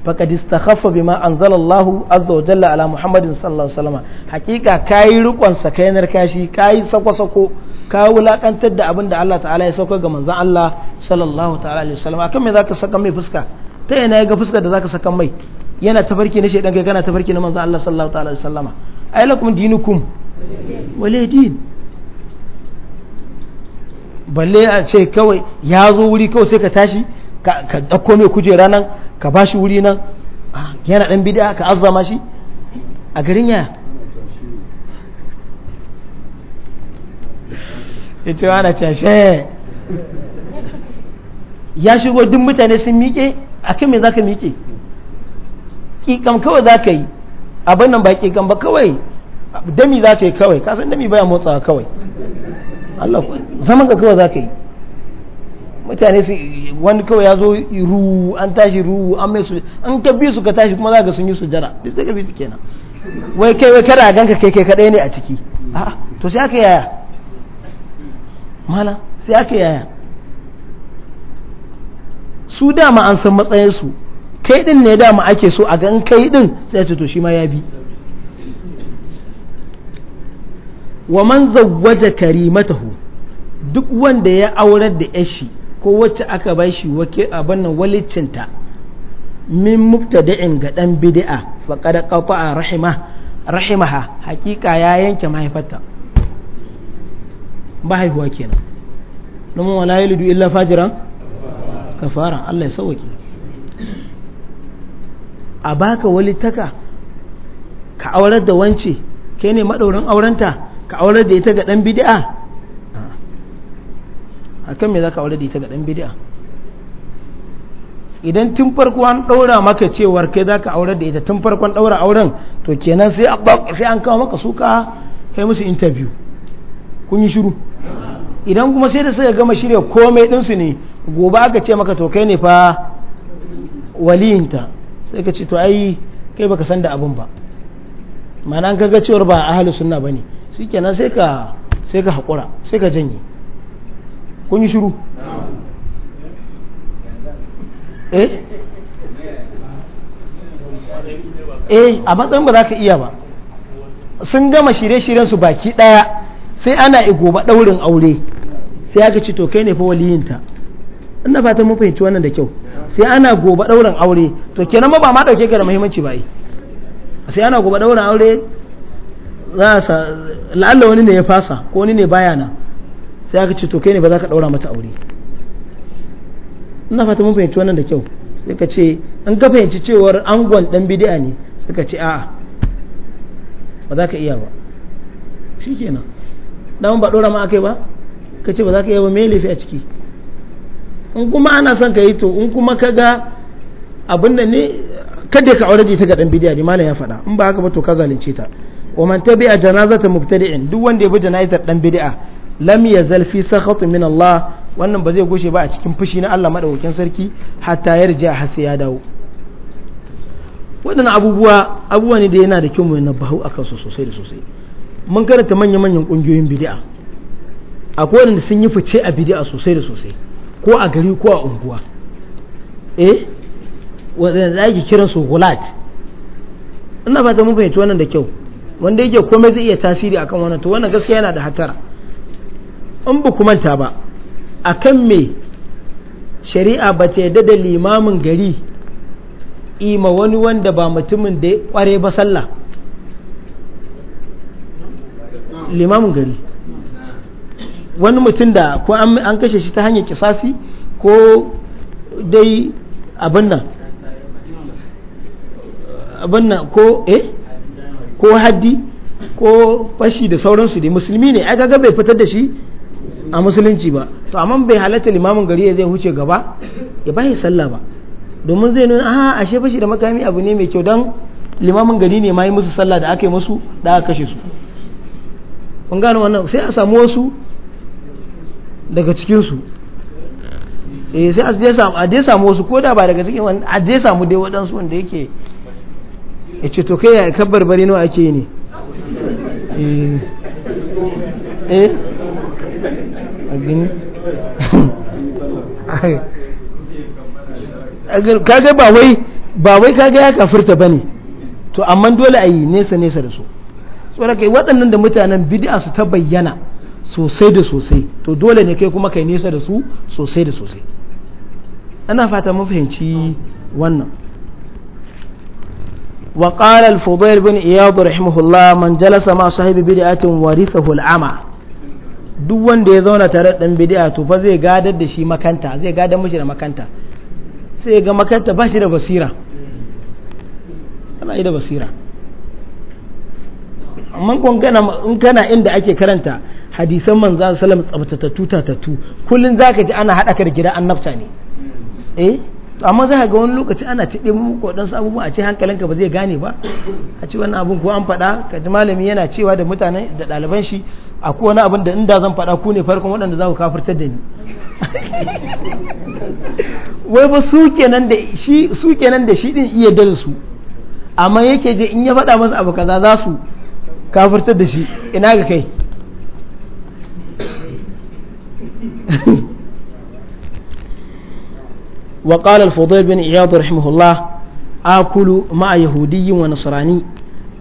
faqad istakhaffa bima anzala Allah azza wa jalla ala Muhammadin sallallahu alaihi wasallam hakika kai rukon sakainar kashi kai sako sako ka wulakantar da abin da Allah ta'ala ya sauka ga manzon Allah sallallahu ta'ala alaihi wasallam akan me zaka saka mai fuska ta yana ga fuskar da zaka saka mai yana tafarki na shedan kai kana tafarki na manzon Allah sallallahu ta'ala alaihi wasallama ai dinukum wale din balle a ce kawai ya zo wuri kawai sai ka tashi ka ɗauko mai kujera nan ka bashi wuri nan ah, yana ɗan bida ka azzama shi a garin yaya ita ana cashe ya shigo duk mutane sun miƙe a kan me za ka miƙe ƙiƙam kawai za ka yi abin nan baki kan ba kawai dami za ka yi kawai kasan dami baya motsa kawai Allah zaman ka kawai za ka yi mutane su wani kawai ya zo ru an tashi ru an mai su an ka bi su ka tashi kuma za ka sun yi su sujjara duk daga bi su kenan wai kai wai kada a ganka kai kai kadai ne a ciki a to sai aka yaya mala sai aka yaya su dama an san matsayinsu kai din ne dama ake so a gan kai din sai ce to shi ma ya bi wa man zawwaja karimatahu duk wanda ya aurar da yashi ko wacce aka bai shi wake abin nan walicinta min mubtada'in ga dan bid'a faqad qata'a rahima rahimaha hakika ya yanke mahaifarta ba haihuwa kenan domin wala yalidu illa fajiran kafara Allah ya sauke a baka walittaka ka aurar da wance kai ne maɗaurin aurenta ka aurar da ita ga ɗan bidi'a a kan me za ka aurar da ita ga ɗan bidi'a idan tun farko an ɗaura maka cewar kai za ka aurar da ita tun farko an ɗaura auren to kenan sai an kawo maka suka kai musu interview kun yi shiru idan kuma sai da suka gama shirya komai ɗinsu ne gobe aka ce maka to kai ne fa waliyinta sai ka ce to ai kai baka san da abun ba mana an kaga cewar ba ahalus sunna bane kenan sai ka sai ka hakura sai ka janye kun yi shiru eh eh a matsayin ba za ka iya ba sun gama shirye-shiryen su baki daya sai ana ba daurin aure sai aka ce to kai ne fa waliyinta ina fatan mun fahimci wannan da kyau sai ana gobe ɗaurin aure to kenan ba ma ɗauke ka da muhimmanci ba yi sai ana gobe ɗaurin aure za a sa la'alla wani ne ya fasa ko wani ne baya sai aka ce to kai ne ba za ka ɗaura mata aure ina fata mun fahimci wannan da kyau sai ka ce an ka fahimci cewar angon ɗan bidiya ne sai ka ce a'a ba za ka iya ba shi kenan dan ba ɗora ma yi ba ka ce ba za ka iya ba mai laifi a ciki in kuma ana son ka yi to in kuma ka ga abin da ne kada ka aure ita ga dan bidiya ne malam ya faɗa in ba haka ba to ka zalunce ta wa man tabi'a janazata mubtadi'in duk wanda ya bi janazatar dan bidi'a lam yazal fi sakhat min Allah wannan ba zai goshe ba a cikin fushi na Allah madaukakin sarki hatta yarja har sai ya dawo waɗannan abubuwa abubuwa ne da yana da kyau mu na bahu akan su sosai da sosai mun karanta manya-manyan ƙungiyoyin bidi'a akwai wanda sun yi fice a bidi'a sosai da sosai ko a gari ko a unguwa eh wanda ake kira su gulat ina fata ta mun fahimci wannan da kyau wanda yake komai zai iya tasiri akan wannan to wannan gaskiya yana da hatara in ba ku manta ba akan me shari'a ba ta yadda da limamin gari ima wani wanda ba mutumin da ya kware ba sallah limamin gari wani mutum da ko an kashe shi ta hanyar kisasi ko dai abin nan ko eh ko haddi ko fashi da sauransu dai musulmi ne ai kaga bai fitar da shi a musulunci ba to amma bai halatta limamin gari ya zai huce gaba ya bai sallah ba domin zai nuna a ashe fashi da makami abu ne mai kyau dan limamin gari ne ma yi musu sallah da aka yi musu da aka kashe su kun gano wannan sai a samu wasu daga cikinsu eh sai a je samu a je samu wasu ko da ba daga cikin wani a je samu dai waɗansu wanda yake ya ce to kai ya ka barbare nawa ake ne eh eh a gini <laughs> kage ba wai ba wai kage ya kafirta bane to amma dole a yi nesa nesa da su tsoraka waɗannan da mutanen bid'a su ta bayyana sosai da sosai to dole ne kai kuma kai nesa da su sosai da sosai ana fata mun fahimci wannan wa qala al-fudayl bin iyad rahimahullah man jalasa ma sahibi bid'atin warithahu al-ama duk wanda ya zauna tare dan bid'a to fa zai gadar da shi makanta zai gadar mishi da makanta sai ga makanta ba shi da basira ana yi da basira amma kun kana in kana inda ake karanta hadisan manzo sallam tsabtatattu tatattu kullun zaka ji ana hada ka da gidan annabta ne eh amma za ka ga wani lokaci ana tiɗe muku waɗansu abubuwa a ce hankalinka ba zai gane ba a ce wannan abin ko an faɗa ka ji malami yana cewa da mutane da ɗaliban shi a ko wani abin da inda zan faɗa ku ne farkon waɗanda za ku kafirtar da ni
<laughs>
wai ba su kenan da shi su kenan da shi din iya dal amma yake je in ya faɗa masa abu kaza za su kafirtar da shi ina ga kai وقال الفضيل بن عياض رحمه الله آكل مع يهودي ونصراني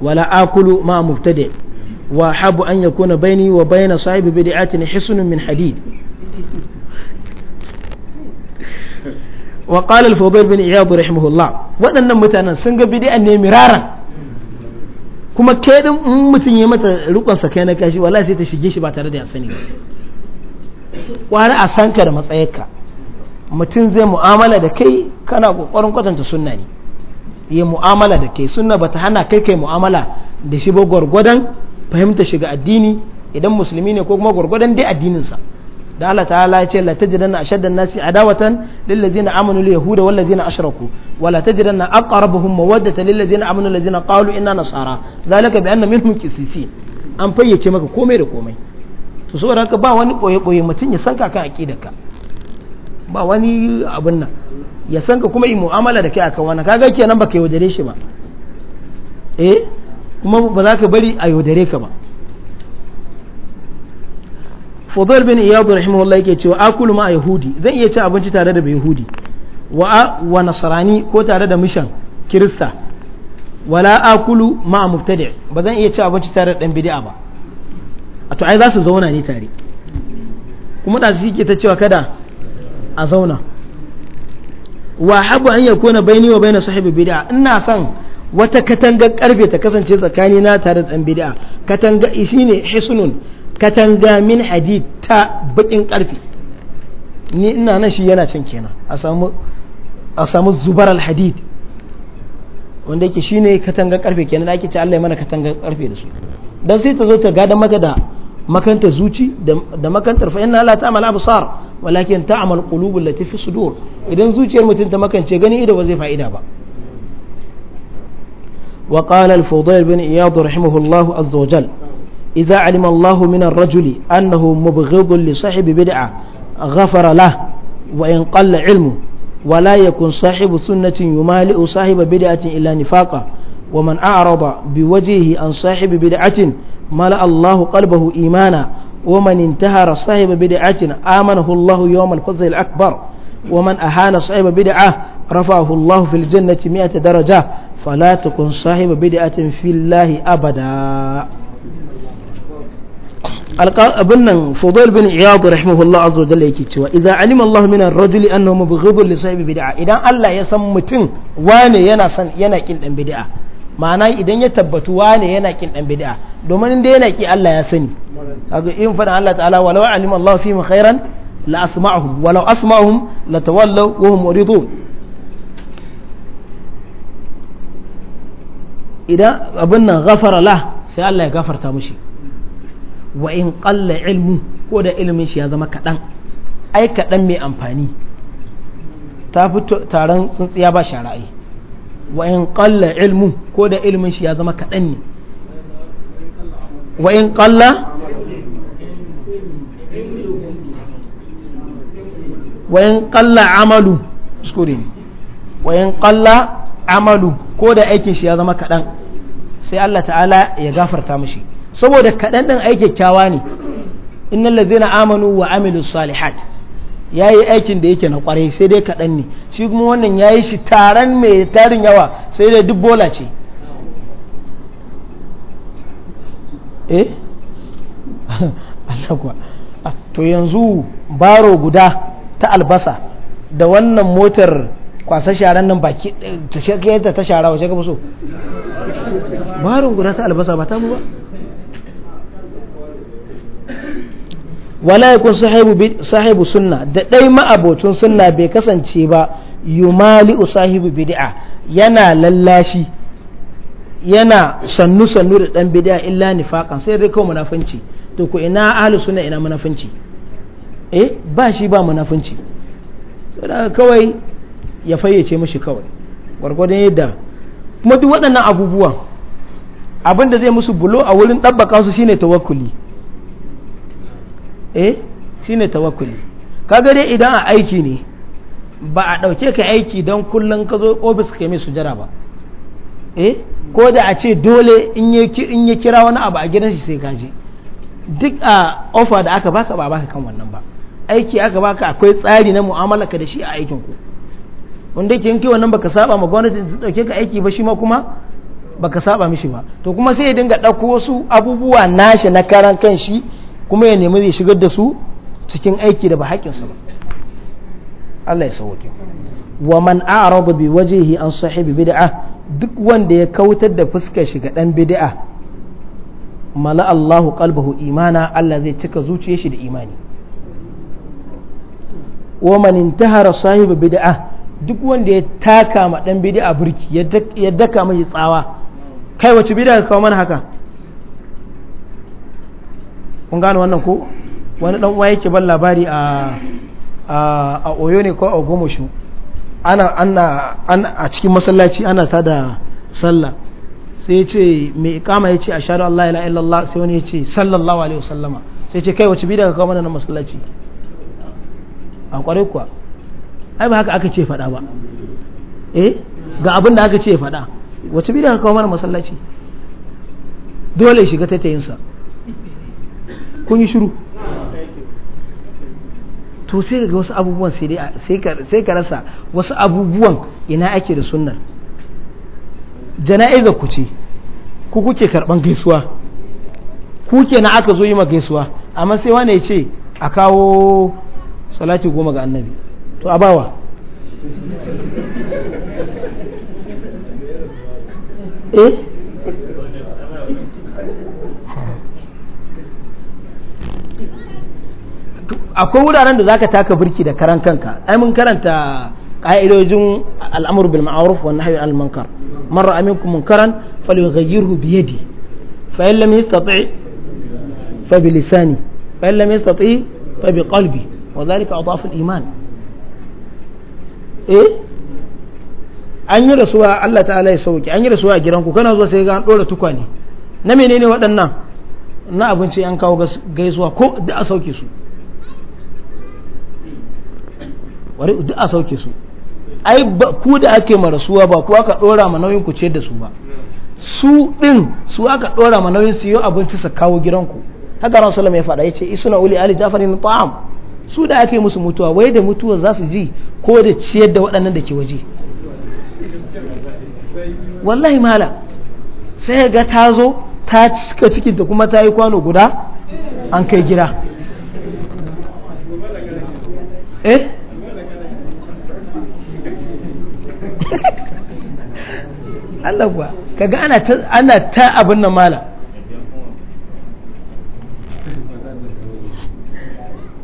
ولا آكل مع مبتدع وأحب أن يكون بيني وبين صاحب بدعة حصن من حديد وقال الفضيل بن عياض رحمه الله وأن متانا سنغ بدعة مرارا kuma ke din mutum ya mata rikon sa kai na kashi wallahi sai ta shige shi ba tare da ya sani ba. wani a san ka da matsayarka mutum zai mu'amala da kai kana kokarin kwatanta sunna ne ya mu'amala da kai sunna ba ta hana kai kai mu'amala da shi ba gwargwadon fahimta shiga addini idan musulmi ne ko kuma gwargwadon dai addininsa da Allah ta'ala ya ce la tajidanna ashaddan nasi adawatan lil ladina amanu lil yahuda wal ladina ashraku wa la tajidanna aqrabahum mawaddatan lil ladina amanu ladina qalu inna nasara zalika bi anna minhum qisisin an fayyace maka komai da komai to saboda haka ba wani koye koye mutun ya sanka kan aqidarka ba wani abun nan ya sanka kuma yi mu'amala da kai akan wannan kaga kenan baka yaudare shi ba eh kuma ba za ka bari a yaudare ka ba fudhar bin iyadu rahimahullah yake cewa akulu ma yahudi zan iya ci abinci tare da yahudi wa wa nasrani ko tare da mishan kirista wala akulu ma mubtadi ba zan iya ci abinci tare da dan bid'a ba a to ai za su zauna ne tare kuma da su ke ta cewa kada a zauna wa habu an yakuna baini wa baina sahibi bid'a ina son wata katangar karfe ta kasance tsakani na tare da dan bid'a katanga shine hisnun katanga min hadid ta bakin karfi ni ina nan shi yana can kenan a samu a samu zubar alhadid wanda yake shine katangar karfe kenan da ake ce Allah ya mana katangar karfe da su dan sai ta zo ta gada maka da makantar zuci da makantar fa inna la ta'mal absar walakin ta'mal qulubul lati fi sudur idan zuciyar mutum ta makance gani ido ba zai fa'ida ba wa qala al bin iyad rahimahullahu azza wajal إذا علم الله من الرجل أنه مبغض لصاحب بدعة غفر له وإن قل علمه ولا يكن صاحب سنة يمالئ صاحب بدعة إلا نفاقا ومن أعرض بوجهه عن صاحب بدعة ملأ الله قلبه إيمانا ومن انتهر صاحب بدعة آمنه الله يوم الفزع الأكبر ومن أهان صاحب بدعة رفعه الله في الجنة مئة درجة فلا تكن صاحب بدعة في الله أبدا abin nan fudul bin iyad rahimahullah azza wajalla yake cewa idan alima Allah min ar-rajul annahu mubghidun li sahibi bid'a idan Allah ya san mutum wane yana san yana kin dan bid'a ma'ana idan ya tabbatu wane yana kin dan bid'a domin inda yana ki Allah ya sani kaga irin fadan Allah ta'ala walau alima Allah ma khairan la asma'uhum walau asma'uhum la tawallaw wa hum muridun idan abin nan ghafara lah sai Allah ya gafarta mushi wa in qalla ilmu ko da ilimin shi ya zama kaɗan ai kaɗan mai amfani ta fi taron tsintsiya ba shara'i wa in qalla ilmu ko da ilimin shi ya zama kaɗan ne wa in qalla wa in qalla amalu skure wa in qalla amalu ko da aikin shi ya zama kaɗan sai Allah ta'ala ya gafarta mishi saboda kaɗan ɗin aiki kyawa ne innal ladzina amanu wa amilu salihat yi aikin da yake na kwarai sai dai kaɗan ne shi kuma wannan ya yi shi taron mai tarin yawa sai dai duk bola ce eh <laughs> Allah kuwa ah, to yanzu baro guda ta albasa da wannan motar kwasa sharan nan baki ta shekayar ta shara wace ka so baro guda ta albasa ba ta mu ba wala yakun sahibu sahibu sunna da ɗai ma'abocin sunna bai kasance ba yumali'u sahibu bid'a yana lallashi yana sannu sannu da ɗan bid'a illa nifaqan sai dai kawai munafunci to ku ina ahlus sunna ina munafunci eh ba shi ba munafunci sai kawai ya fayyace mishi kawai gwargwadon yadda kuma duk waɗannan abubuwan abinda da zai musu bulo a wurin ɗabbaka su shine tawakkuli eh shine tawakuli kaga dai idan a aiki ne ba a ɗauke ka aiki don kullum ka zo ofis ka yi mai sujara ba eh ko da a ce dole in ya kira wani abu a gidan shi sai ka je duk a ofa da aka baka ba baka kan wannan ba aiki aka baka akwai tsari na mu'amala ka da shi a aikin ku wanda ke yanke wannan baka saba ma gwamnati ta dauke ka aiki ba shi ma kuma baka saba mishi ba to kuma sai ya dinga dauko wasu abubuwa nashi na karan kan kuma ya nemi zai shigar da su cikin aiki da ba haƙƙinsu ba Allah ya sauke wa man a'rada bi wajhihi an sahibi bid'a duk wanda ya kautar da fuskar shi ɗan dan bid'a mala Allahu kalbahu imana Allah zai cika zuciyar shi da imani wa man intahara sahibi bid'a duk wanda ya taka ma dan bid'a burki ya daka mai tsawa kai wace bid'a ka kawo mana haka kun gane wannan ko wani dan uwa yake ban labari a a oyo ne ko a gomoshu ana ana a cikin masallaci ana ta da sallah sai ce mai ikama yace ashhadu an la ilaha illallah sai wani yace sallallahu alaihi wasallama sai ce kai wace bi daga kawo mana nan masallaci a kwarai kuwa ai ba haka aka ce faɗa ba eh ga abin da aka ce faɗa wace bi daga kawo mana masallaci dole shiga tattayinsa kun yi shiru to sai ga wasu abubuwan sai ka rasa wasu abubuwan ina ake da sunnar jana'izar ku ce ku kuke karban gaisuwa ku ke na aka zo yi ma gaisuwa amma sai wane ce a kawo salati goma ga annabi to a eh akwai wuraren da zaka taka birki da karan kanka ai mun karanta ka'idojin al'amur bil ma'ruf wa nahyi anil munkar man ra'a minkum munkaran falyughayyirhu bi yadi fa in lam yastati fa bi lisani fa in lam yastati fa bi qalbi wa dhalika adaf al iman eh an yi rasuwa Allah ta'ala ya sauki an yi rasuwa a gidanku kana zuwa sai ga an dora tukwane na menene waɗannan na abinci an kawo gaisuwa ko da a sauke su wari duk a sauke su ai ku da ake marasuwa ba ku aka dora ma nauyin ku ce da su ba su din su aka dora ma nauyin su yi abinci su kawo gidanku haka ran sallama ya faɗa ya ce isuna uli ali jafarin ta'am su da ake musu mutuwa wai da mutuwa za su ji ko da ciyar da waɗannan da ke waje wallahi mala sai ga ta zo ta cika cikin da kuma ta yi kwano guda an kai gida eh Allah kuwa kaga ana ta ana ta abin nan mala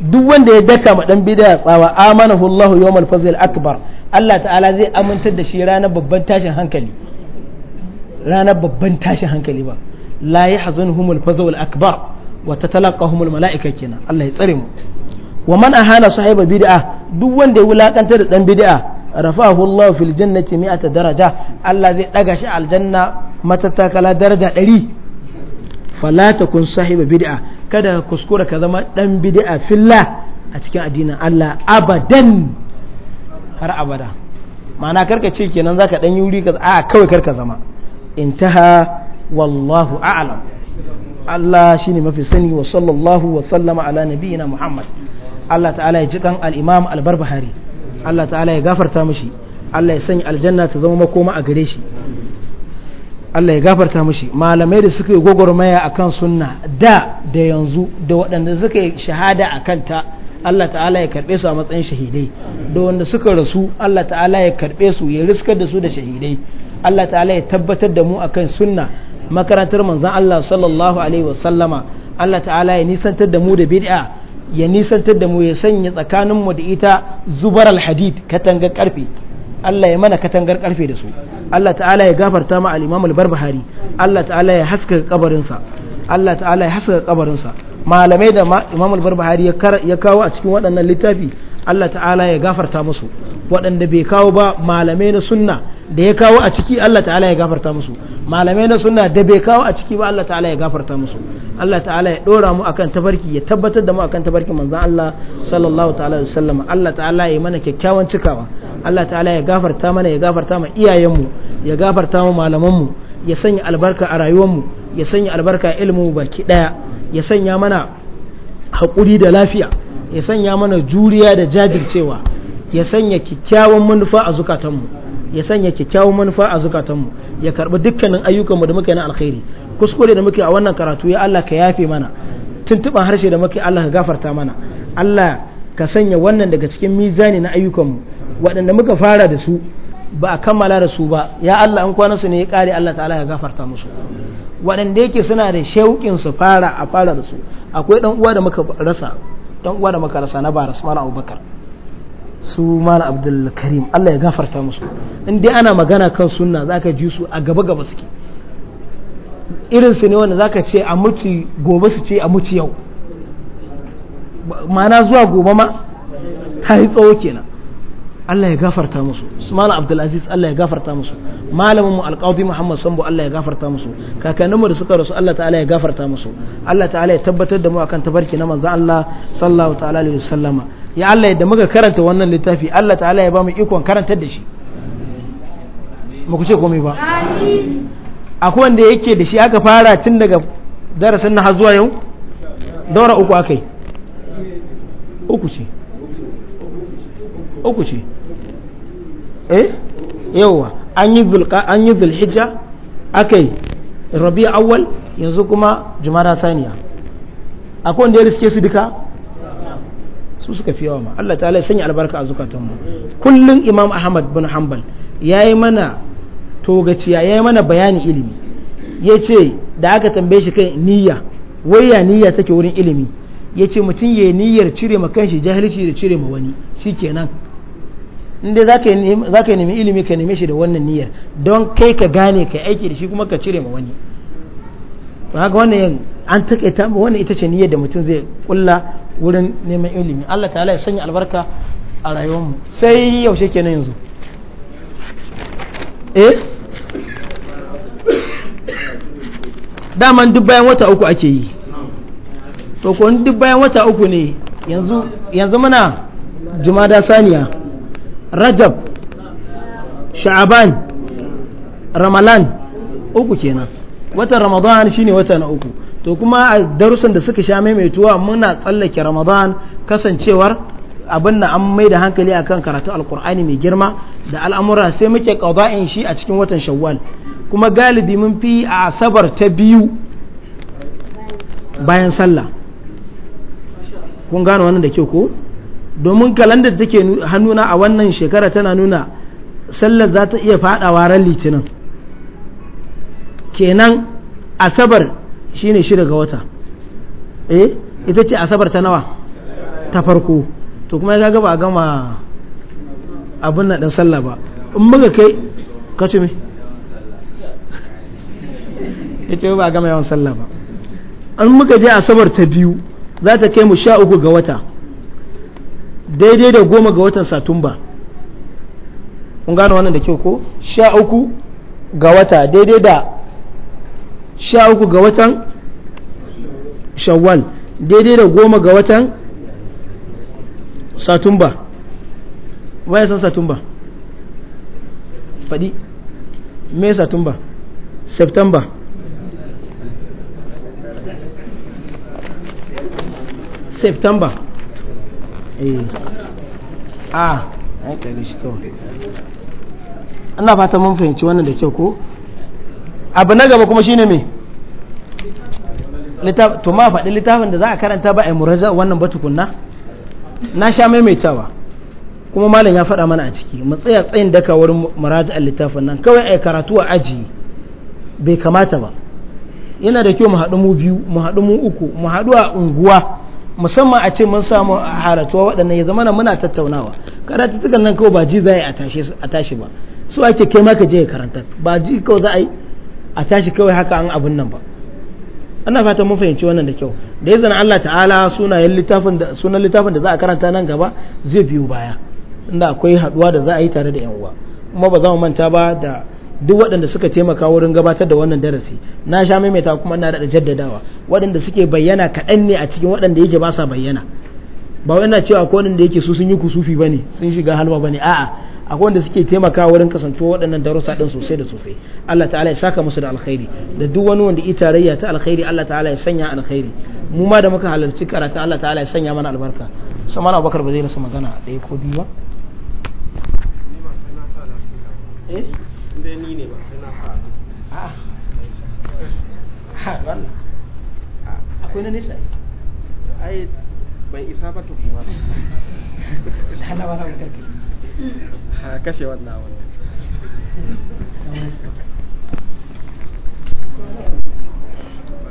duk wanda ya daka ma dan bidaya tsawa amanahu Allah yawmal fazl akbar Allah ta'ala zai amintar da shi ranar babban tashin hankali ranar babban tashin hankali ba la yahzunhumul fazl akbar wa tatalaqahumul malaika kina Allah ya tsare mu wa man ahana sahiba bid'a duk wanda ya wulakantar da dan bid'a rafahu Allah fil jannati daraja Allah zai daga shi aljanna matattakala daraja 100 fala takun sahiba bid'a kada kuskura ka zama dan bid'a fillah a cikin addinin Allah abadan har abada ma'ana karka ce kenan zaka dan yuri ka a kawai karka zama intaha wallahu a'lam Allah shine mafi sani wa sallallahu wa sallama ala nabiyina Muhammad Allah ta'ala ya ji kan al-Imam al-Barbahari Allah ta'ala ya gafarta mishi Allah ya sanya aljanna ta zama makoma a gare shi Allah ya gafarta mashi malamai da suka yi gwagwarmaya a kan sunna da da yanzu da waɗanda suka yi shahada a kanta Allah ta'ala ya karɓe su a matsayin shahidai da wanda suka rasu Allah ta'ala ya karɓe su ya riskar da su da shahidai Allah ta'ala ya tabbatar da mu akan sunna makarantar manzon Allah sallallahu alaihi wasallama Allah ta'ala ya nisantar da mu da bid'a ya nisantar da mu ya sanya tsakaninmu da ita zubar alhadid katangar karfe Allah ya mana katangar karfe da su Allah ta'ala ya gafarta ma al-Imam al-Barbahari Allah ta'ala ya haska kabarinsa Allah ta'ala ya haska kabarinsa malamai da Imam al-Barbahari ya kawo a cikin waɗannan littafi Allah ta'ala ya gafarta musu waɗanda bai kawo ba malamai na sunna da ya kawo a ciki Allah ta'ala ya gafarta musu malamai na sunna da bai kawo a ciki ba Allah ta'ala ya gafarta musu Allah ta'ala ya dora mu akan tabarki ya tabbatar da mu akan tabarki manzon Allah sallallahu ta'ala alaihi wasallam Allah ta'ala ya mana kyakkyawan cikawa Allah ta'ala ya gafarta mana ya gafarta ma iyayenmu ya gafarta mu malamanmu ya sanya albarka a rayuwarmu ya sanya albarka a ilimin baki daya ya sanya mana haƙuri da lafiya ya sanya mana juriya da jajircewa ya sanya kyakkyawan manufa a zukatanmu ya sanya kyakkyawan manufa a zukatanmu ya karbi dukkanin ayyukanmu da muka yi na alkhairi kuskure da muke a wannan karatu ya Allah ka yafe mana tuntuban harshe da muke Allah ka gafarta mana Allah ka sanya wannan daga cikin mizani na ayyukanmu waɗanda muka fara da su ba a kammala da su ba ya Allah an kwana su ne ya kare Allah ta'ala ya gafarta musu waɗanda yake suna da shauƙin su fara a fara da su akwai ɗan uwa da muka rasa yan uwa da makarasa na baras mana abubakar su mana abdul karim allah ya gafarta musu in dai ana magana kan sunna zaka ji su a gaba gaba suke irin su ne wanda zaka ce a mutu gobe su ce a mutu yau ma'ana zuwa gobe ma ta yi tsawo kenan Allah ya gafarta musu al-abdul aziz Allah ya gafarta musu malamin mu Muhammad Sambo Allah ya gafarta musu kakanninmu mu da suka rasu Allah ta'ala ya gafarta musu Allah ta'ala ya tabbatar da mu akan tabarki na manzo Allah sallallahu ta'ala alaihi wasallama ya Allah ya da muka karanta wannan littafi Allah ta'ala ya ba mu ikon karantar da shi muku ce komai ba akwai wanda yake da shi aka fara tun daga darasin na hazuwa zuwa yau daura uku akai uku ce uku ce eh yawa an yi zulka an yi rabi awal yanzu kuma jumada saniya akwai wanda ya riske su su suka fi yawa ma Allah Ta sanya albarka a zukatanmu kullum imam ahmad bin hanbal ya yi mana togaciya ya yi mana bayani ilimi ya ce da aka tambaye shi kan niyya waya niyya take wurin ilimi ya ce mutum ya yi niyyar cire ma kanshi jahilci da cire ma wani kenan. inda za ka nemi ilimi ka neme shi da wannan niyyar don kai ka gane ka aiki da shi kuma ka cire ma wani haka wannan an takaita wannan ita ce niyyar da mutum zai kulla wurin neman ilimi Allah ta ya sanya albarka a rayuwarmu sai yaushe kenan yanzu eh daman duk bayan wata uku ake yi to kun duk bayan wata uku ne yanzu yanzu muna jumada saniya rajab sha'aban ramalan uku kenan watan ramadan shine wata na uku to kuma a darussan da suka sha maimaituwa muna tsallake ramadan kasancewar abin da an mai da hankali akan karatu alkur'ani mai girma da al'amura sai muke in shi a cikin watan shawwal kuma galibi mun fi a asabar ta biyu bayan sallah kun gano wannan da ke ko domin kalandar take hannuna a wannan shekara tana nuna sallar za ta iya fadawa ran litinin kenan asabar shine shida ga wata eh ita ce asabar ta nawa ta farko to kuma ya ba a gama abin na dan sallah ba in muka kai ka ce me <laughs> ya ce ba a gama yawan sallah ba an muka je asabar ta biyu za ta kai mu sha uku ga wata daidai da goma ga watan satumba kun gane wannan da kyau ko sha uku ga wata daidai da sha uku ga watan shawwal daidai da goma ga watan satumba waye san satumba faɗi me satumba september september Eh. a ah, ai mun fahimci wannan da kyau ko abu na gaba kuma ne me to ma faɗi littafin da za a karanta ba a yi muraza wannan ba tukunna na sha maimaitawa kuma malam ya faɗa mana a ciki mu tsaya tsayin daka wurin muraja a littafin nan kawai a yi karatu a aji bai kamata ba yana da kyau mu haɗu mu biyu mu haɗu mu uku mu haɗu a unguwa musamman a ce mun samu haratuwa waɗannan ya zamana muna tattaunawa karatuttukan nan kawai ba ji za a tashi ba su ake kai maka je karanta ba ji kawai za a yi a tashi kawai haka an abin nan ba ana fatan mun fahimci wannan da kyau da ya zana Allah ta'ala sunan littafin da za a karanta nan gaba zai biyu baya inda akwai haɗuwa da za a yi tare da yan uwa kuma ba za mu manta ba da duk waɗanda suka taimaka wurin gabatar da wannan darasi na sha maimaita kuma na da jaddadawa waɗanda suke bayyana kaɗan ne a cikin waɗanda yake ba sa bayyana ba wai ina cewa ko wanda yake su sun yi kusufi bane sun shiga halwa ne a'a akwai wanda suke taimaka wurin kasantuwa waɗannan darussa ɗin sosai da sosai Allah ta'ala ya saka musu da alkhairi da duk wani wanda ita tarayya ta alkhairi Allah ta'ala ya sanya alkhairi mu ma da muka halarci karatu Allah ta'ala ya sanya mana albarka samana abakar ba zai rasa magana ɗaya ko biyu ba
inda ni ne ba sai na
sa a ah. Ah, wannan akwai na ai isa ba to kuma <laughs> na kashe wannan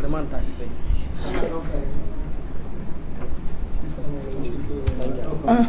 bari sai
ah.